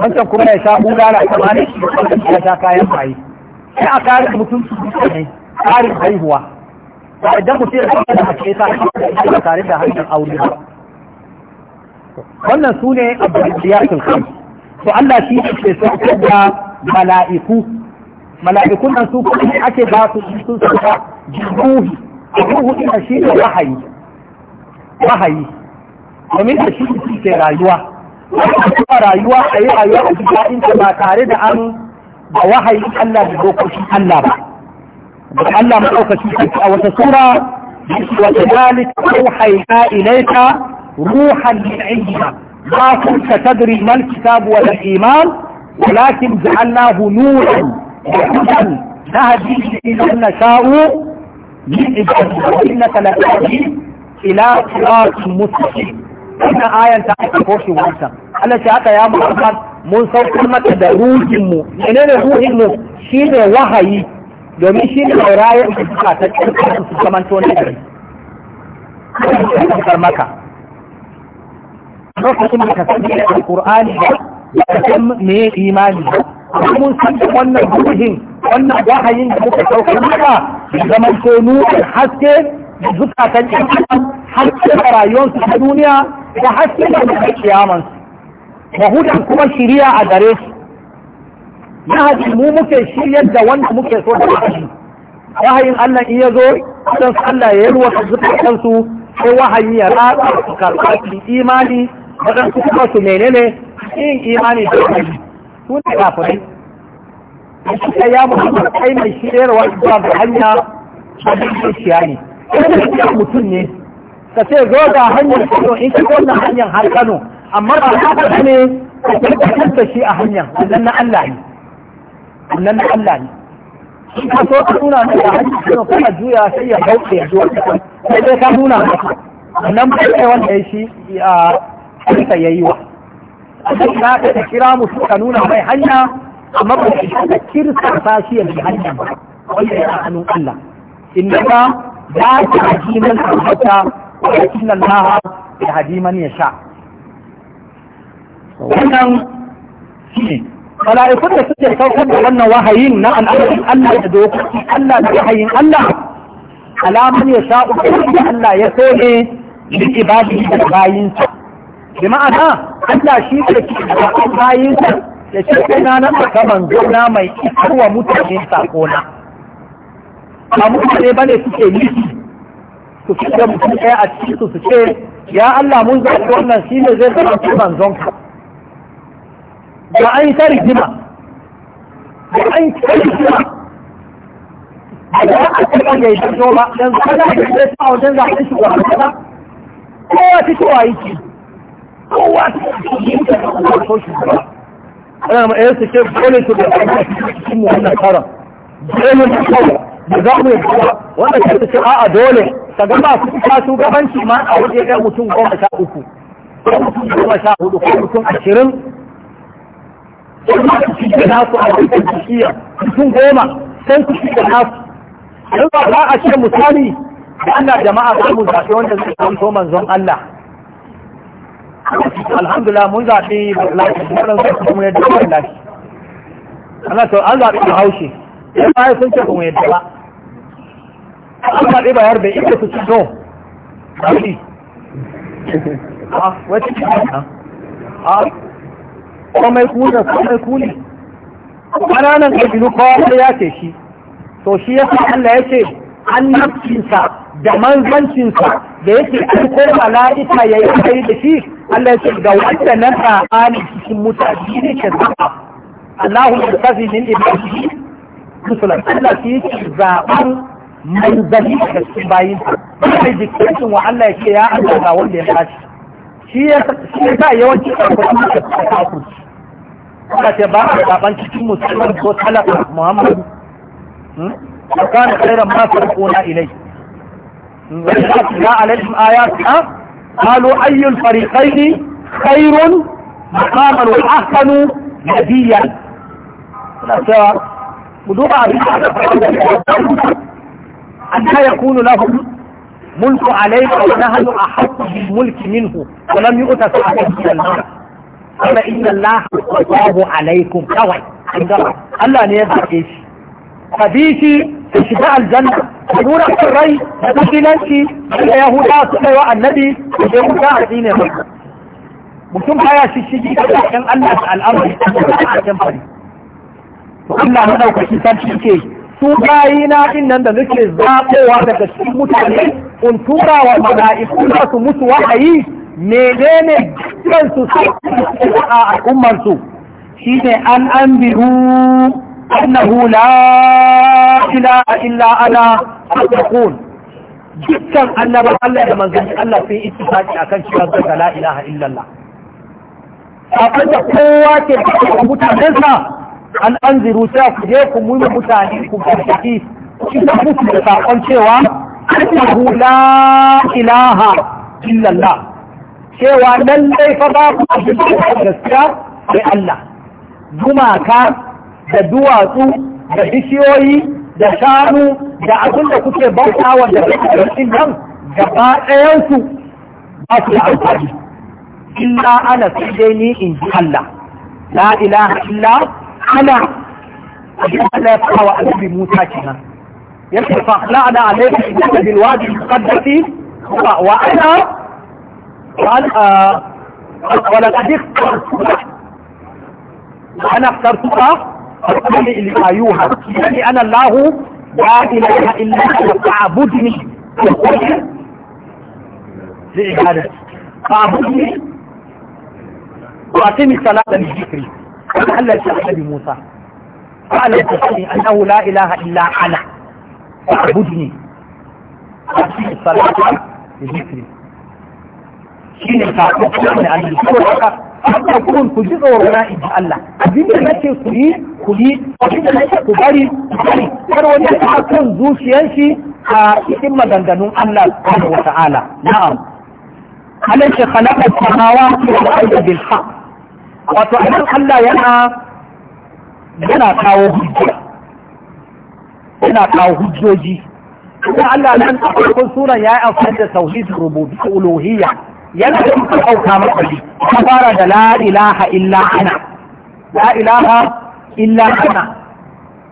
[SPEAKER 2] wancan kuma ya sha bulala ta bane shi wanda ya sha kayan maye sai a kare mutum su ne tsarin haihuwa ba idan mutum ya kama da mace ta ba kare da hanyar aure ba wannan su ne abubuwan kai to Allah shi ne ke son da mala'iku mala'ikun nan su kuma ake ba su sun suka jiruhi ruhu ina shi ne wahayi wahayi domin da shi su ke rayuwa kuma rayuwa a yi rayuwa a cikin ta ba tare da an da wahayi Allah da dokokin Allah ba da Allah maɗaukaci sarki a wata sura wata dalik ruhaina ilaika ruhan min indina ma kunta tadri mal kitab wal iman walakin ja'alnahu nuran wa hudan nahdi ila nasha'u min ibadina innaka la tahdi ila siratul mustaqim wannan ayan ta aka koshi wancan Allah ce haka ya Muhammad mun saukar maka da ruhin mu menene ruhin mu shine wahayi domin shi ne mai rayar da suka ta kirkar su kamanto na gari kirkar maka lokacin da ka sani da alqur'ani da ka san me imani mun san wannan ruhin wannan wahayin da muka saukar maka zaman ko nuna haske da zukatan ɗan adam rayuwarsu ta duniya da haske da da kiyaman da hudan kuma shirya a gare su na haji mu muke shiryar da wanda muke so da haji wahayin Allah in ya zo dan Allah ya ruwa su zukatan su sai wahayi ya ratsa su karɓa imani wajen su kuma su menene yin imani da haji su ne kafirai a cikin ya mutu kai mai wasu zuwa ga hanya a cikin ne kuma mutum ne ka ce zo ga hanyar Kano in ka wannan hanyar har Kano amma ba haka ne ka tabbatar da shi a hanyar wannan na Allah ne wannan na Allah ne in ka so ka nuna mai a hanyar Kano kana juya sai ya bauke ya zuwa sai dai ka nuna maka wannan ba kai wanda ya shi a ya yi wa
[SPEAKER 1] a nan na ka
[SPEAKER 2] kira mutum ka nuna mai hanya amma ba ka kirsa ba shi ya bi hanyar ba wanda yana hannun Allah innaka لا تهدي من أحببت ولكن da يهدي ya sha.
[SPEAKER 1] wannan
[SPEAKER 2] shi mala'ikun da suke saukar da wannan wahayin na al'adun Allah da dokoki Allah da wahayin Allah alaman ya sha'u da Allah ya so ne duk ibadi da bayinsa bi ma'ana Allah shi ke ke da bayinsa ya ce kai na na aka manzo na mai isarwa mutane sakona. ba mutane bane suke yi su fita mutum ɗaya a cikin su su ce ya Allah mun zaɓi wannan shi ne zai zama su zonka da an yi ta rigima da an yi ta rigima a da a cikin ya yi ta ba yanzu ana da zai sa wajen zaɓen shugaba ba kowa ta kowa yi ki kowa ta yi ta ta kowa ta ma'ayar ta kowa ta su ta kowa ta wannan ta kowa ta kawai da za mu yi wanda ka ce a'a dole ka gama ba su ta shugabanci ma a waje ɗaya mutum goma sha uku ko mutum goma sha hudu ko mutum ashirin ko ma su shiga nasu a wajen jikiyar mutum goma sai su shiga nasu in ba za a ce misali da ana jama'a za mu zaɓi wanda zai zanto manzon Allah alhamdulillah mun zaɓi lafiya mun zaɓi mun yadda lafiya ana to an zaɓi haushe sai ba sun ce kuma yadda ba an faɗi ba yar bai ita su ci don ƙarfi a wata ce a komai kuna komai kuni ƙananan ƙabilu kowa ya ce shi to shi ya sa Allah ya ce annabcinsa da manzancinsa da yake an ko mala'ika ya yi kai da shi Allah ya ce da wanda nan ta ani cikin mutane ne ke zaɓa Allahu ya kafi min ibadihi musulman Allah shi yake zaɓan Mai manzanni a cikin bayinsa sai dictation wa Allah ya ce ya Allah ga wanda ya tashi shi ya sa yawanci karfafa mutum a kafurci kuma ce ba a zaben cikin musulman ko talaka muhammadu hmm? a kan tsairan masu kona ilai hmm, wani za su ga alaihim ayatu ha qalu ayyul fariqaini khairun maqaman wa ahsanu nabiyyan na cewa ku duba abin da aka faɗa da hatta yakunu lahum mulku alayka wa nahnu ahaqqu bil mulki minhu wa lam yu'ta sa'atan min al-mulk amma inna Allah wasahu alaykum kawai Allah ne ya zaɓe shi hadisi da shiga aljanna da nura kan rai da kabilanci da yahuda suka yi wa annabi a dine mai mutum baya Allah da al'amari to Allah ke su bayina innan da nake zaɓowa daga cikin mutane in tura wa mala'iku za su mutu wahayi menene kansu su a al'ummar su shine an anbiru annahu la ilaha illa ana fatakun dukkan annaba, Allah da manzanni Allah sun yi ittifaqi akan cewa la ilaha illallah a da kowa ke da mutanensa an an ziru ku je ku mutane ku gargaɗi shi ta musu da saƙon cewa annahu la ilaha illallah cewa lallai fa ba ku gaskiya sai Allah gumaka da duwatsu da bishiyoyi da shanu da abin da kuke bauta da rashin nan gaba ɗayansu ba su da amfani illa ana sai dai ni in ji Allah la ilaha illa la'ana abin Allah ya faɗa wa annabi Musa kenan yake fa la'ana alayka innaka bil wadi qaddati wa ana wa laqad ikhtartuka ana ikhtartuka fattabi li ayuha yani ana Allah la ilaha illa ana fa'budni لعبادتي فاعبدني واعطني صلاة لذكري wanda Allah ya ce annabi Musa fa'alam tasani annahu la ilaha illa ana fa'budni fi salati zikri shine ka kuma da annabi ko haka haka kun ku ji tsoron in Allah abin da nake ku yi ku yi ku bari bari kar wani ya kan zuciyar shi a cikin maganganun Allah subhanahu wa ta'ala na'am alaysa khalaqa as-samawati wal arda bil haqq wato idan Allah yana yana kawo hujja yana kawo hujjoji kuma Allah nan a farkon suran ya yi amfani da tauhid rububiyya uluhiyya yana da mutum auka masa ta fara da la ilaha illa ana la ilaha illa ana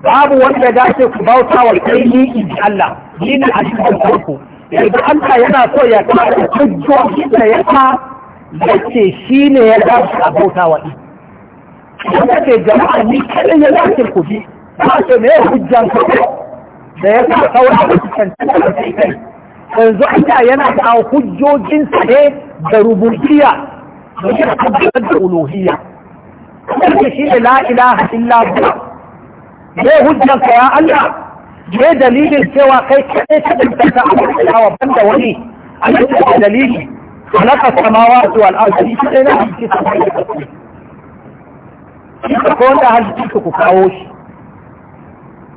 [SPEAKER 2] babu wanda da ce ku bauta wa kai ni in Allah ni ne a cikin farko idan Allah yana so ya kawo hujjoji da ya kawo yace shi ne ya dace a bauta wa ɗi wanda ke jama'a ni kaɗai ya dace ku bi ba ce me ya hujjan ka da ya sa kawai da su cancanta da sai kai yanzu Allah yana kawo hujjojinsa ne da rububiyya da ya tabbatar da uluhiyya wanda shi ne la ilaha illa Allah me hujjan ka ya Allah me dalilin cewa kai kaɗai ka danta a bauta wa da wani a dalilin? halaka samawati wal ardi shi dai na halitta samai da ƙasa shi ko wanda halitta ku kawo shi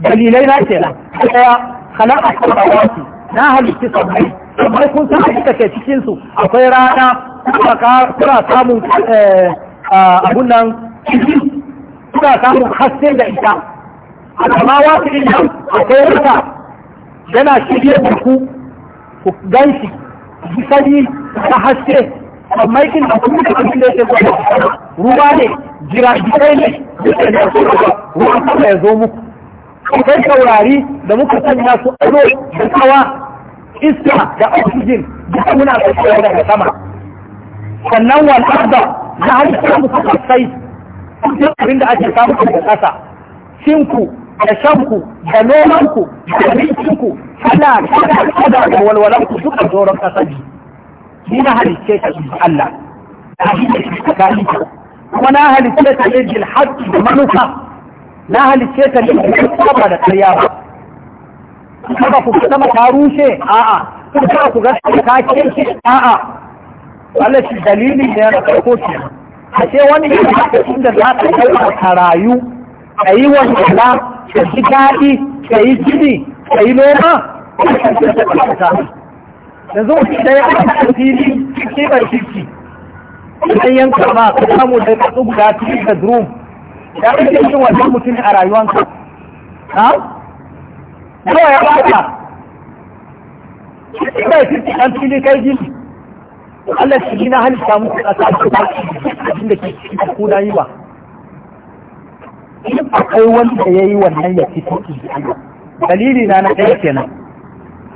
[SPEAKER 2] dalilai na kenan ɗaya halaka samawati na halitta samai kamar kun san da kake cikin su akwai rana kuna samun abun nan kuna samun hasken da ita a samawa su ɗin akwai wata yana shirye da ku ku gan shi gisari ta haske amma yakin da kuma da abin da yake zuwa ruwa ne jira jiragitai ne duka da ruwa sama ya zo muku akwai taurari da muka sanya su ado da kawa iska da oxygen duk muna tsakiya daga sama sannan wal da na halittar musu sosai abin da ake samu daga ƙasa shinku da shanku da nomanku da abincinku kana kana kada da walwalanku duka doron kasa ne ni na halicce ta Allah da abin da ke tsakani kuma na halicce ka yi bil haqqi da manufa na halicce yi ne ba da karya ba kuma ku zama ta rushe a'a kuma ku ga ka kike a'a Wala shi dalili ne na farko shi a ce wani yana da inda za ka kai a rayu a yi wani kala ka ji kaɗi, ka yi kiɗi ka yi noma yanzu mutum ɗaya a cikin fili kimar kirki idan yanka ma ka samu da ka tsugu da cikin da drum ya ake yin wajen mutum a rayuwanka ha? Nawa ya baka shi bai fiti an fili kai gini Allah shi na halitta muku a cikin da ke cikin kuna yi ba in akwai wanda ya yi wannan ya fito dalili na na ɗaya kenan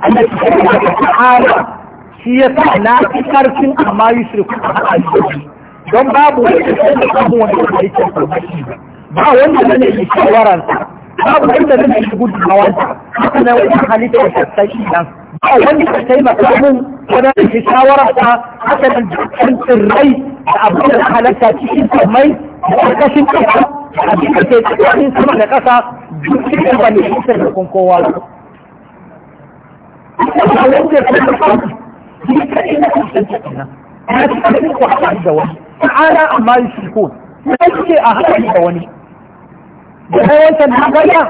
[SPEAKER 2] Allah shi ya ta'ala shi ya sa na fi karfin amma yushriku a aljihi don babu wanda ya da babu wanda ya yi kyan farmaki ba wanda zan yi shawararsa babu wanda zan yi gudunmawarsa haka na wajen halittar sassan nan a wani sai taimaka mun wajen da shawara ta haka da dukkan tsirrai da abin da halatta cikin kamai da ƙarƙashin ƙasa abin da ke tsakanin sama da ƙasa duk da ba ne da kun kowa ba. Kuma wanda ya kuma kwanci, duk da ina ina. Ya ci ƙarfi ko haɗa da wani. Ta'ala amma yi shi ko. Ya ce a haɗa da wani. Da yawancin hagaya,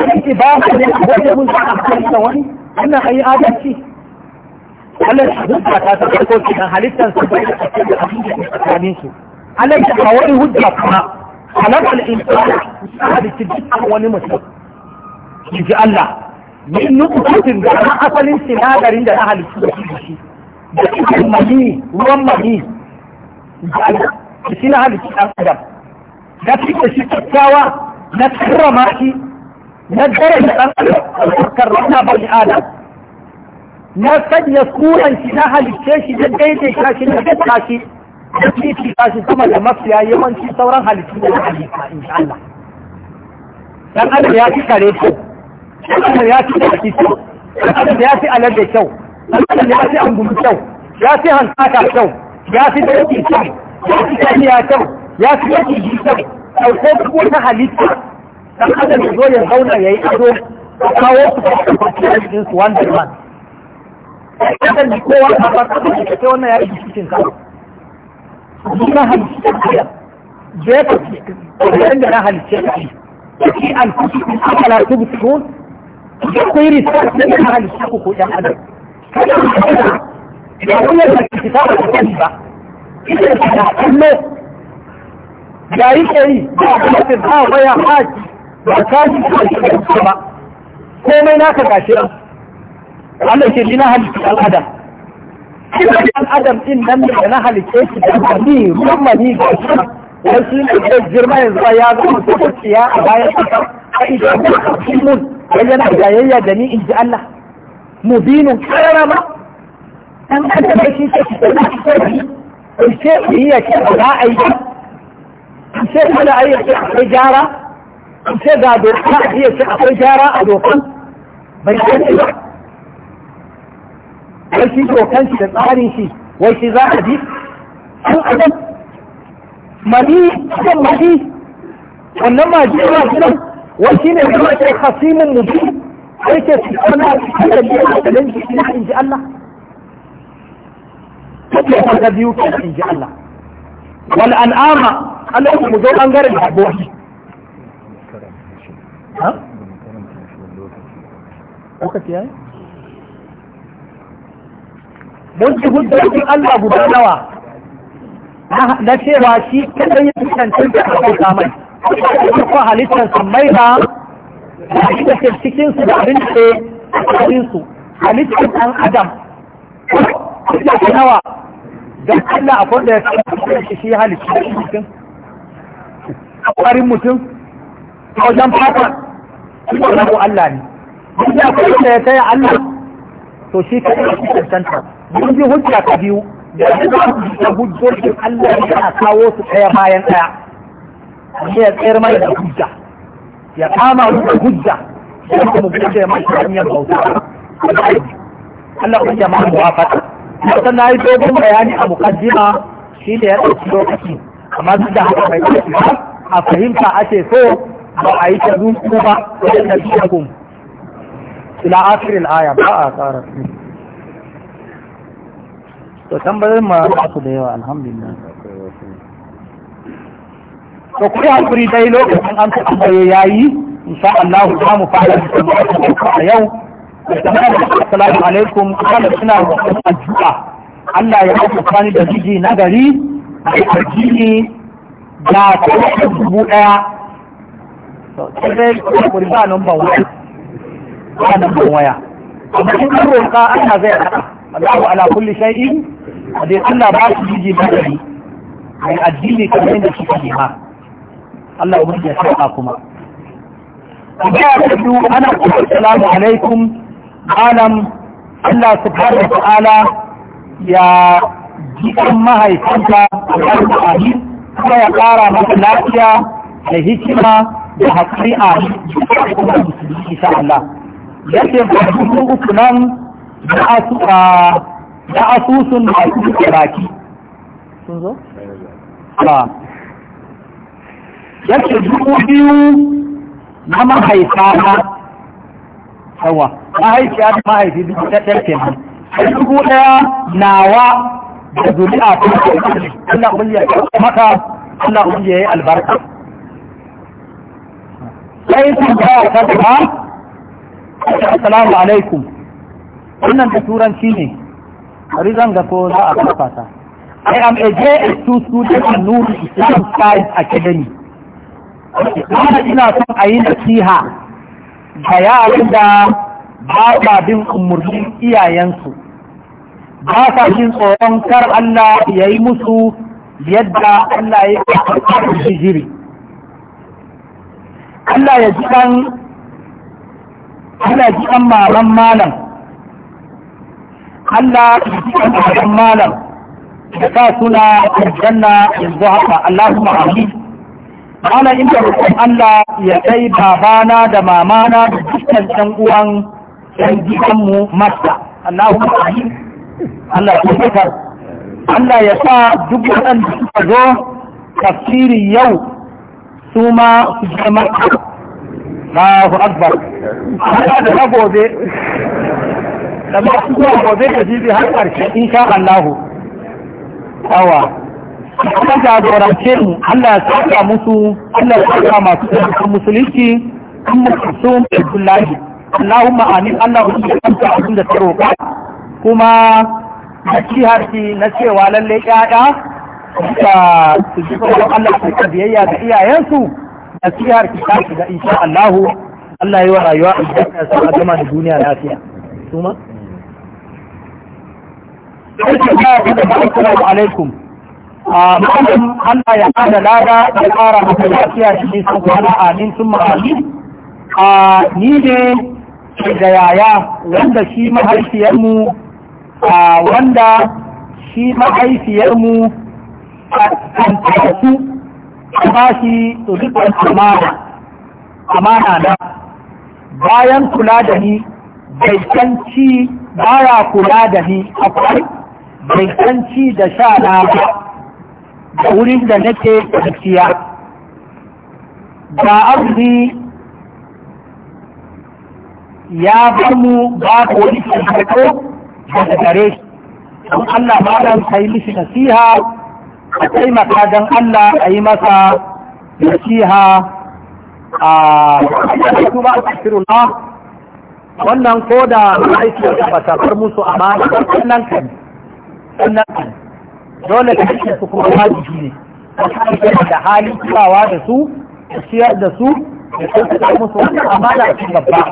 [SPEAKER 2] ya ce ba ka ne a wajen mun sa a haɗa da wani. Wannan a yi adalci. Allah ya halitta ta ta farko kenan halittar su bai da abin da ke tsakanin Allah ya hawari hujja kuma halakal insana halitta dukkan wani mutum ji Allah min nutfatin da na asalin sinadarin da na halitta da shi da cikin mani ruwan mani ji Allah shi na halitta ɗan adam na fita shi kyakkyawa na karrama shi na daraja ɗan adam karrama bani adam na sanya suran shi na halitta shi da daidaita shi da gaska shi da titi tashi sama da mafiya yawanci sauran halittu da halitta in sha Allah
[SPEAKER 1] dan adam ya fi kare kyau
[SPEAKER 2] dan adam ya fi daki kyau dan adam ya fi alade kyau dan adam ya fi angulu kyau ya fi hankaka kyau ya fi daki kyau ya fi kariya kyau ya fi daki kyau ɗauko duk wata halitta dan adam ya zo ya zauna ya yi ado kawo su da kwanciyar su wanda man. Dan Kasar kowa a farko da ke wannan ya yi cikin kawai. ni na halitta adam je ka ce da na da da na ku adam kada ku da da ta ba ba ita da kallo da yi da ba waya haji ba ba komai naka gashi Allah ke ni na al'adam ɗan adam ɗin nan da na halitta shi da ni kuma ni ga shi wai shi ne da girma yanzu ba ya zama tabbaciya a bayan ƙasa a ita mun wai yana jayayya da ni in ji Allah mubinin karara ma ɗan adam da shi ke da na shi ce yi ya ce ba za a yi in ce kada a yi ce akwai gyara in ce ga doka a iya ce akwai gyara a dokan bai ce ba wai shi dokan shi da tsarin shi wai shi za a bi an adam mali kan mali wannan ma ji ba shi nan wai shi ne kuma ke hasimin mubi sai ke shi wani a cikin da biyu da nan jiki na inji Allah kake farga biyu ke inji Allah wal an'ama
[SPEAKER 1] Allah mu zo bangaren
[SPEAKER 2] dabbobi lokaci yayi mun ji hujjojin Allah guda nawa na cewa shi kadai ya tantance da abota mai kuma halittar sammai ba da shi da cikin su da abin da cikin su halittar dan adam da nawa da Allah a da ya tantance shi halittar cikin a kwarin mutum a wajen fata Allah ne. Duk da akwai da ya taya Allah to shi ka yi cancanta mun hujja ta biyu da ya za ku ji hujjojin Allah yana kawo su ɗaya bayan ɗaya shi ya tsayar mai da hujja ya kama mu da hujja ya kuma ya mai hanyar bauta Allah ku jama'a muwafaka sannan na yi dogon bayani a mukaddima shi ne ya ɗauki lokaci amma duk da haka bai a fahimta ake so ba a yi ta zuku ba wajen da shi ila akirin aya ba a ƙara to tambayoyin ma su da yawa alhamdulillah
[SPEAKER 1] to ku hankuri dai lokacin an tambaye
[SPEAKER 2] yayi insha Allah za mu fara a yau assalamu alaikum kana suna roƙon addu'a Allah ya hauka kwani da jiji na gari da addini da kuma dubu to Sai dai kuma ba number 1 ba nan ban waya amma in an roƙa Allah zai haɗa Allahu ala kulli shay'in dai Allah ba shi jiji magani mai addini kamar yadda yi ma. Allah ubangiji ya saka kuma Idan ya biyu ana kuma salamu alaikum malam Allah subhanahu wa ta'ala ya jikin mahaifinta a yarda amin kuma ya ƙara masa lafiya da hikima da haƙari a jikin kuma musulmi insha Allah. yake su uku nan da asusun masu suke baki sun zo? ba yake dubu biyu na mahaifa na yawa mahaifiya da mahaifi dubu ɗaɗɗar ke nan dubu ɗaya nawa da zuri'a ta yi Allah ubangi ya karɓa maka Allah ubangi ya yi albarka sai sun ba ta da assalamu alaikum wannan da turanci ne rizan gato ko za
[SPEAKER 1] a am e je e
[SPEAKER 2] student in Nur Islam Science Academy. Kuma ina son a yi nasiha ga yaran da ba bin umarnin iyayensu, ba sa tsoron kar Allah ya yi musu yadda Allah ya yi a Allah ya ji Allah ji an maran malam Allah ji an maran malam da ka suna aljanna yanzu haka Allahumma amin ana inda rukun Allah ya kai babana da mamana da dukkan ɗan uwan ɗan mu masa Allahumma amin Allah ya fitar Allah ya sa duk waɗanda suka zo tafsiri yau su ma su je masa Allahu Akbar haka da na gobe da ba su gobe da jibi har ƙarshe insha Allahu awa kuma jagorance mu Allah ya saka musu Allah ya saka masu tsarin musulunci an mutum Abdullahi Allahumma amin Allah ya kanta abin da ta roƙa kuma ci nasiharki na cewa lalle ƴaƴa suka su ji tsoron Allah su biyayya da iyayensu nasihar ki ta shiga insha Allah Allah yi wa rayuwa a albarka sa a gama da duniya lafiya kuma Assalamu alaikum mutum Allah ya kada lada ya fara da lafiya cikin sun kwana amin sun ma'amin a ni ne da yaya wanda shi mahaifiyarmu a wanda shi mahaifiyarmu a kan tafi? ka ba shi to duk amana amana na bayan kula da ni bai san ci baya kula da ni akwai bai san da sha na ba da wurin da nake kwanciya da arzi ya bamu mu ba ko ni ko da gare shi Allah ma dan kai mishi nasiha a taimaka don Allah a yi masa nasiha a ba a wannan ko da aiki da fatakar musu amma sannan kan sannan kan dole da ake su kuma wajibi ne a da halin kulawa da su da ciyar da su da sun su musu A amana a cikin babba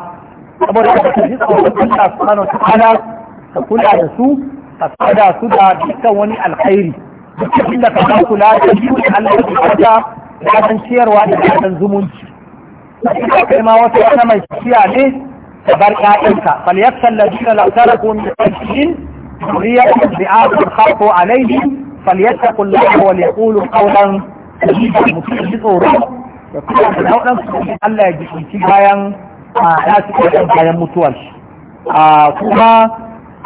[SPEAKER 2] saboda ka ji tsoron Allah subhanahu wa ta'ala ka kula da su ka tsada su da dukkan wani alkhairi duk da ka kula da shi Allah ya kuka da san ciyarwa da san zumunci kai ma wata wata mai ciya ne ka bar ƴaƴanka fal yaksal ladina law taraku min qatl dhuriyatan bi'aqan khafu alaihim falyattaqu Allah wa yaqulu qawlan sadida mutum ji tsoro da kuma da nau'an Allah ya ji bayan a ya su bayan mutuwar kuma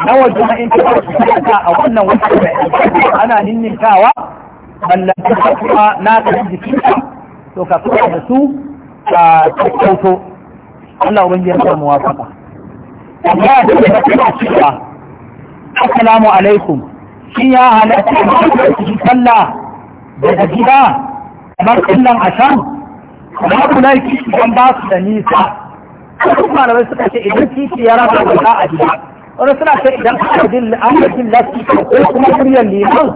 [SPEAKER 2] nawa juma'in ta ta a wannan wata da ana ninninkawa mallaka ta kuma na ka jikin to ka kuma da su ka kyauto Allah ubangi ya samu wafaka amma da da kuma cewa assalamu alaikum Shin ya halatta da shi sallah daga gida kamar kullum a sham kuma kula ki ban ba su da nisa kuma malamai suka ce idan kiki ya raba da a gida wani suna ce idan aka jin aka jin lafi ko kuma muryar liman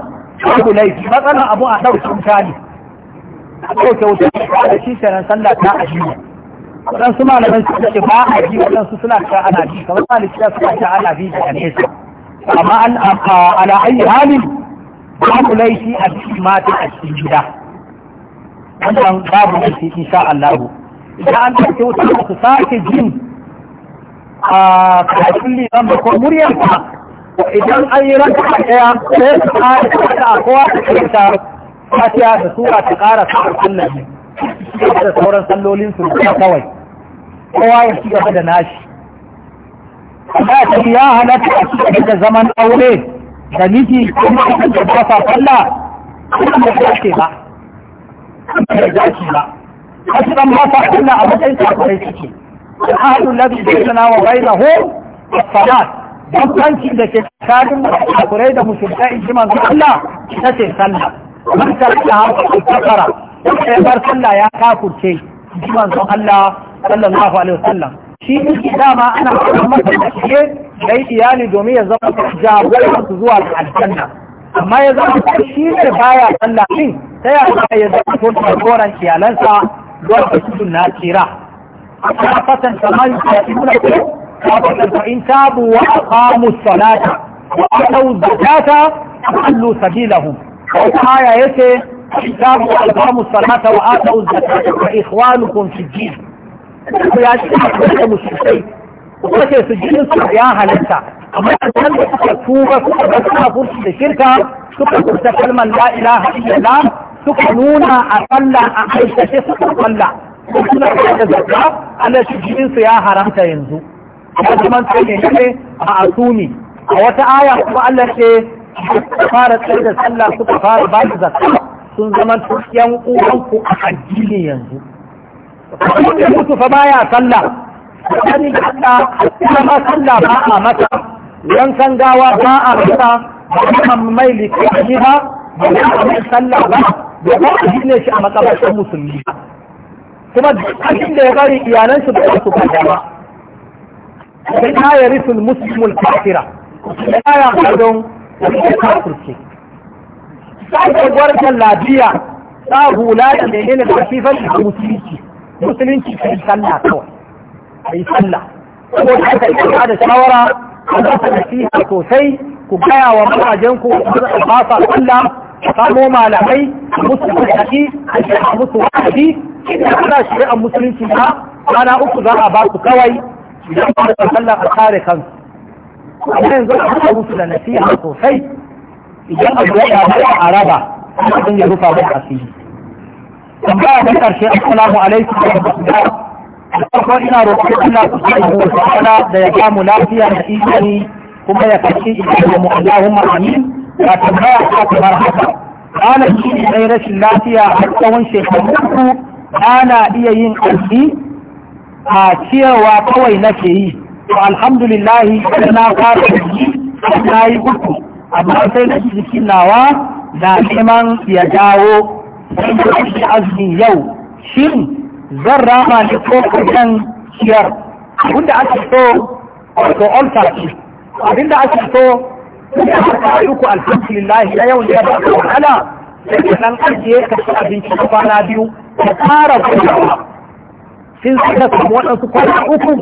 [SPEAKER 2] babu laifi matsalan abu a ɗauki mutane. a ɗauke wuta da shi kenan sallah ta ajiya waɗansu malaman suka ce ba a ji waɗansu suna ce ana bi kamar malikiya suna ce ana bi daga nesa amma an ala ayi halin babu laifi a cikin mata a cikin gida wannan babu laifi insha Allah idan an ɗauke wuta ba su sake jin a karatun liman da ko muryar muryarsa idan an yi ranka a ɗaya sai su ƙara ta a kowa ta karanta fatiha da sura ta ƙara sa'ar sallar da sauran sallolin su da kawai kowa ya ci gaba da nashi amma ya tafi ya halatta a cikin da zaman aure da miji kuma da kafa sallah kuma da ce ba da ba a cikin masa sallah a matsayin ta kai ciki العهد الذي بيننا وبينه الصلاة bambancin da ke tsakanin kafirai da musulmai in ji manzo Allah ita ce sallah man tarka harfa kafara sai bar sallah ya kafurce in ji manzo Allah sallallahu alaihi wasallam shi ne dama ana kuma da shi dai iyali domin ya zama jagoran su zuwa aljanna amma ya zama shi ne baya sallah din sai ya jagoran iyalansa zuwa ga sunna tira كافة كما يكافئون كافة فإن تابوا وأقاموا الصلاة وأتوا الزكاة فخلوا سبيلهم وآية يتي تابوا وأقاموا الصلاة وآتوا الزكاة فإخوانكم في الدين يا شيخ su jinin su ya halatta amma idan da suka tuba suka ga suna furci da shirka suka furta kalmar la ilaha illallah suka nuna a tsalla a aikace suka tsalla. ko suna da zakka Allah shi jinin su ya haramta yanzu amma zaman sai ne a asumi a wata aya kuma Allah ce fara tsaye da sallah suka fara ba da zakka sun zama yan uwanku a addini yanzu wanda ya mutu fa baya sallah wani da Allah hatta ma sallah ba a mata yankan gawa ba a mata ba mai littafi ba ba sallah ba ba a gine shi a makabartar musulmi kuma abin da ya bari iyalan su ba su ba dama sai ta ya risu muslimul kafira ya ya gardon da kafirce sai ta gwarkan lafiya. ta hula da menene da kafifan da musulunci musulunci kai sallah kawai yi sallah saboda haka ita da shawara
[SPEAKER 1] a za ta nasiha
[SPEAKER 2] sosai ku gaya wa mazajen ku ba sa sallah ka samo malamai a musu kuɗaɗi a ce a musu wa'adi idan ana shari'ar musulunci ba rana uku za a ba su kawai idan ba da sallah a kare kansu amma yanzu a haɗa musu da nasiha sosai idan abu ya ba a raba abin ya rufa mai asiri tambaya ta ƙarshe assalamu alaikum wa rahmatullah farko ina roƙon Allah subhanahu wa ta'ala da ya ba mu lafiya da imani kuma ya kashi idan mu Allahumma amin ba ya ba ta kamar haka ana shi ne rashin lafiya a tsawon shekaru uku ana iya yin aiki a ciyarwa kawai nake yi to alhamdulillahi na fara yi na yi uku amma sai na jikin nawa na neman ya dawo sai da azumi yau shin zan rama ne ko kusan ciyar abinda ake so wato altar abinda ake so da aka ayyuku alhamdulillah ya yawan da ba ka wahala sai nan ajiye ka ci abinci a kwana biyu ka tsara kuma sun suka samu waɗansu kwana uku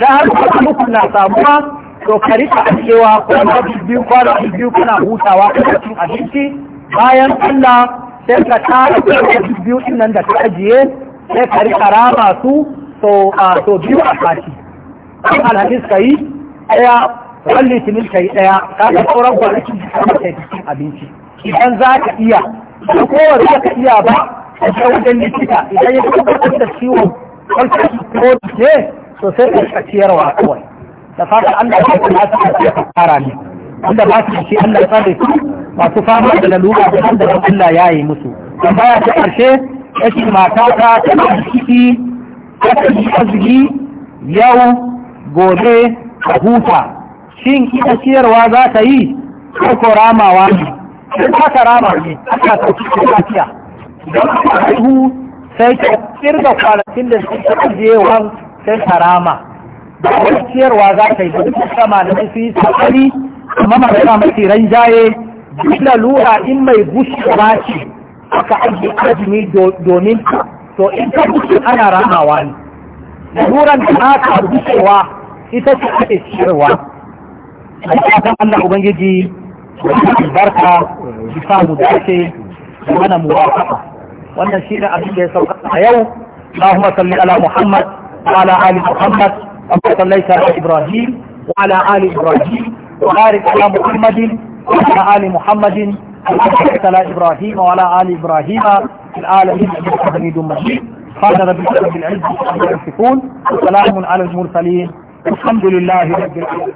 [SPEAKER 2] da har kwana uku na samuwa to ka rika ajewa kwana biyu kwana biyu kana hutawa kana cin abinci bayan Allah sai ka tsara kwana biyu din nan da ka ajiye sai ka rika rama su to biyu a sati alhadis ka yi ɗaya ran litinin ka yi ɗaya ka ga sauran kwanaki ka cikin abinci idan za ka iya da kowane ka iya ba a ga wajen likita idan ya tabbatar da ciwon kwalfashi ko ce to sai ka shiga ciyarwa kawai da fatan Allah ya kula ta ka fara ne wanda ba su shi Allah ya tsare su masu fama da lalura da wanda Allah ya yi musu tambaya ta karshe yake mata ta tana ciki ta yau gobe a huta shin ita ciyarwa za ta yi ko ramawa ne haka rama ne aka sauki ta lafiya don ka haihu sai ta kirga kwanakin da suke ajiyewan sai ka rama Da wani ciyarwa za ta yi ba duk sama da su yi sakali amma magana mafi ranjaye duk lura in mai gushi ba ce aka ajiye azumi domin to in ka gushi ana ramawa ne laluran da aka gushewa ita ce ake ciyarwa da Allah ubangiji barka ki samu da ake mana muwafaqa wannan shi ne abin da ya sauka a yau Allahumma salli ala Muhammad wa ala ali Muhammad wa sallaita ala Ibrahim wa ala ali Ibrahim wa barik ala Muhammadin wa ala ali Muhammadin على إبراهيم وعلى آل إبراهيم في العالمين إنك حميد مجيد قال رب العزة عما يصفون وسلام على المرسلين الحمد لله رب العالمين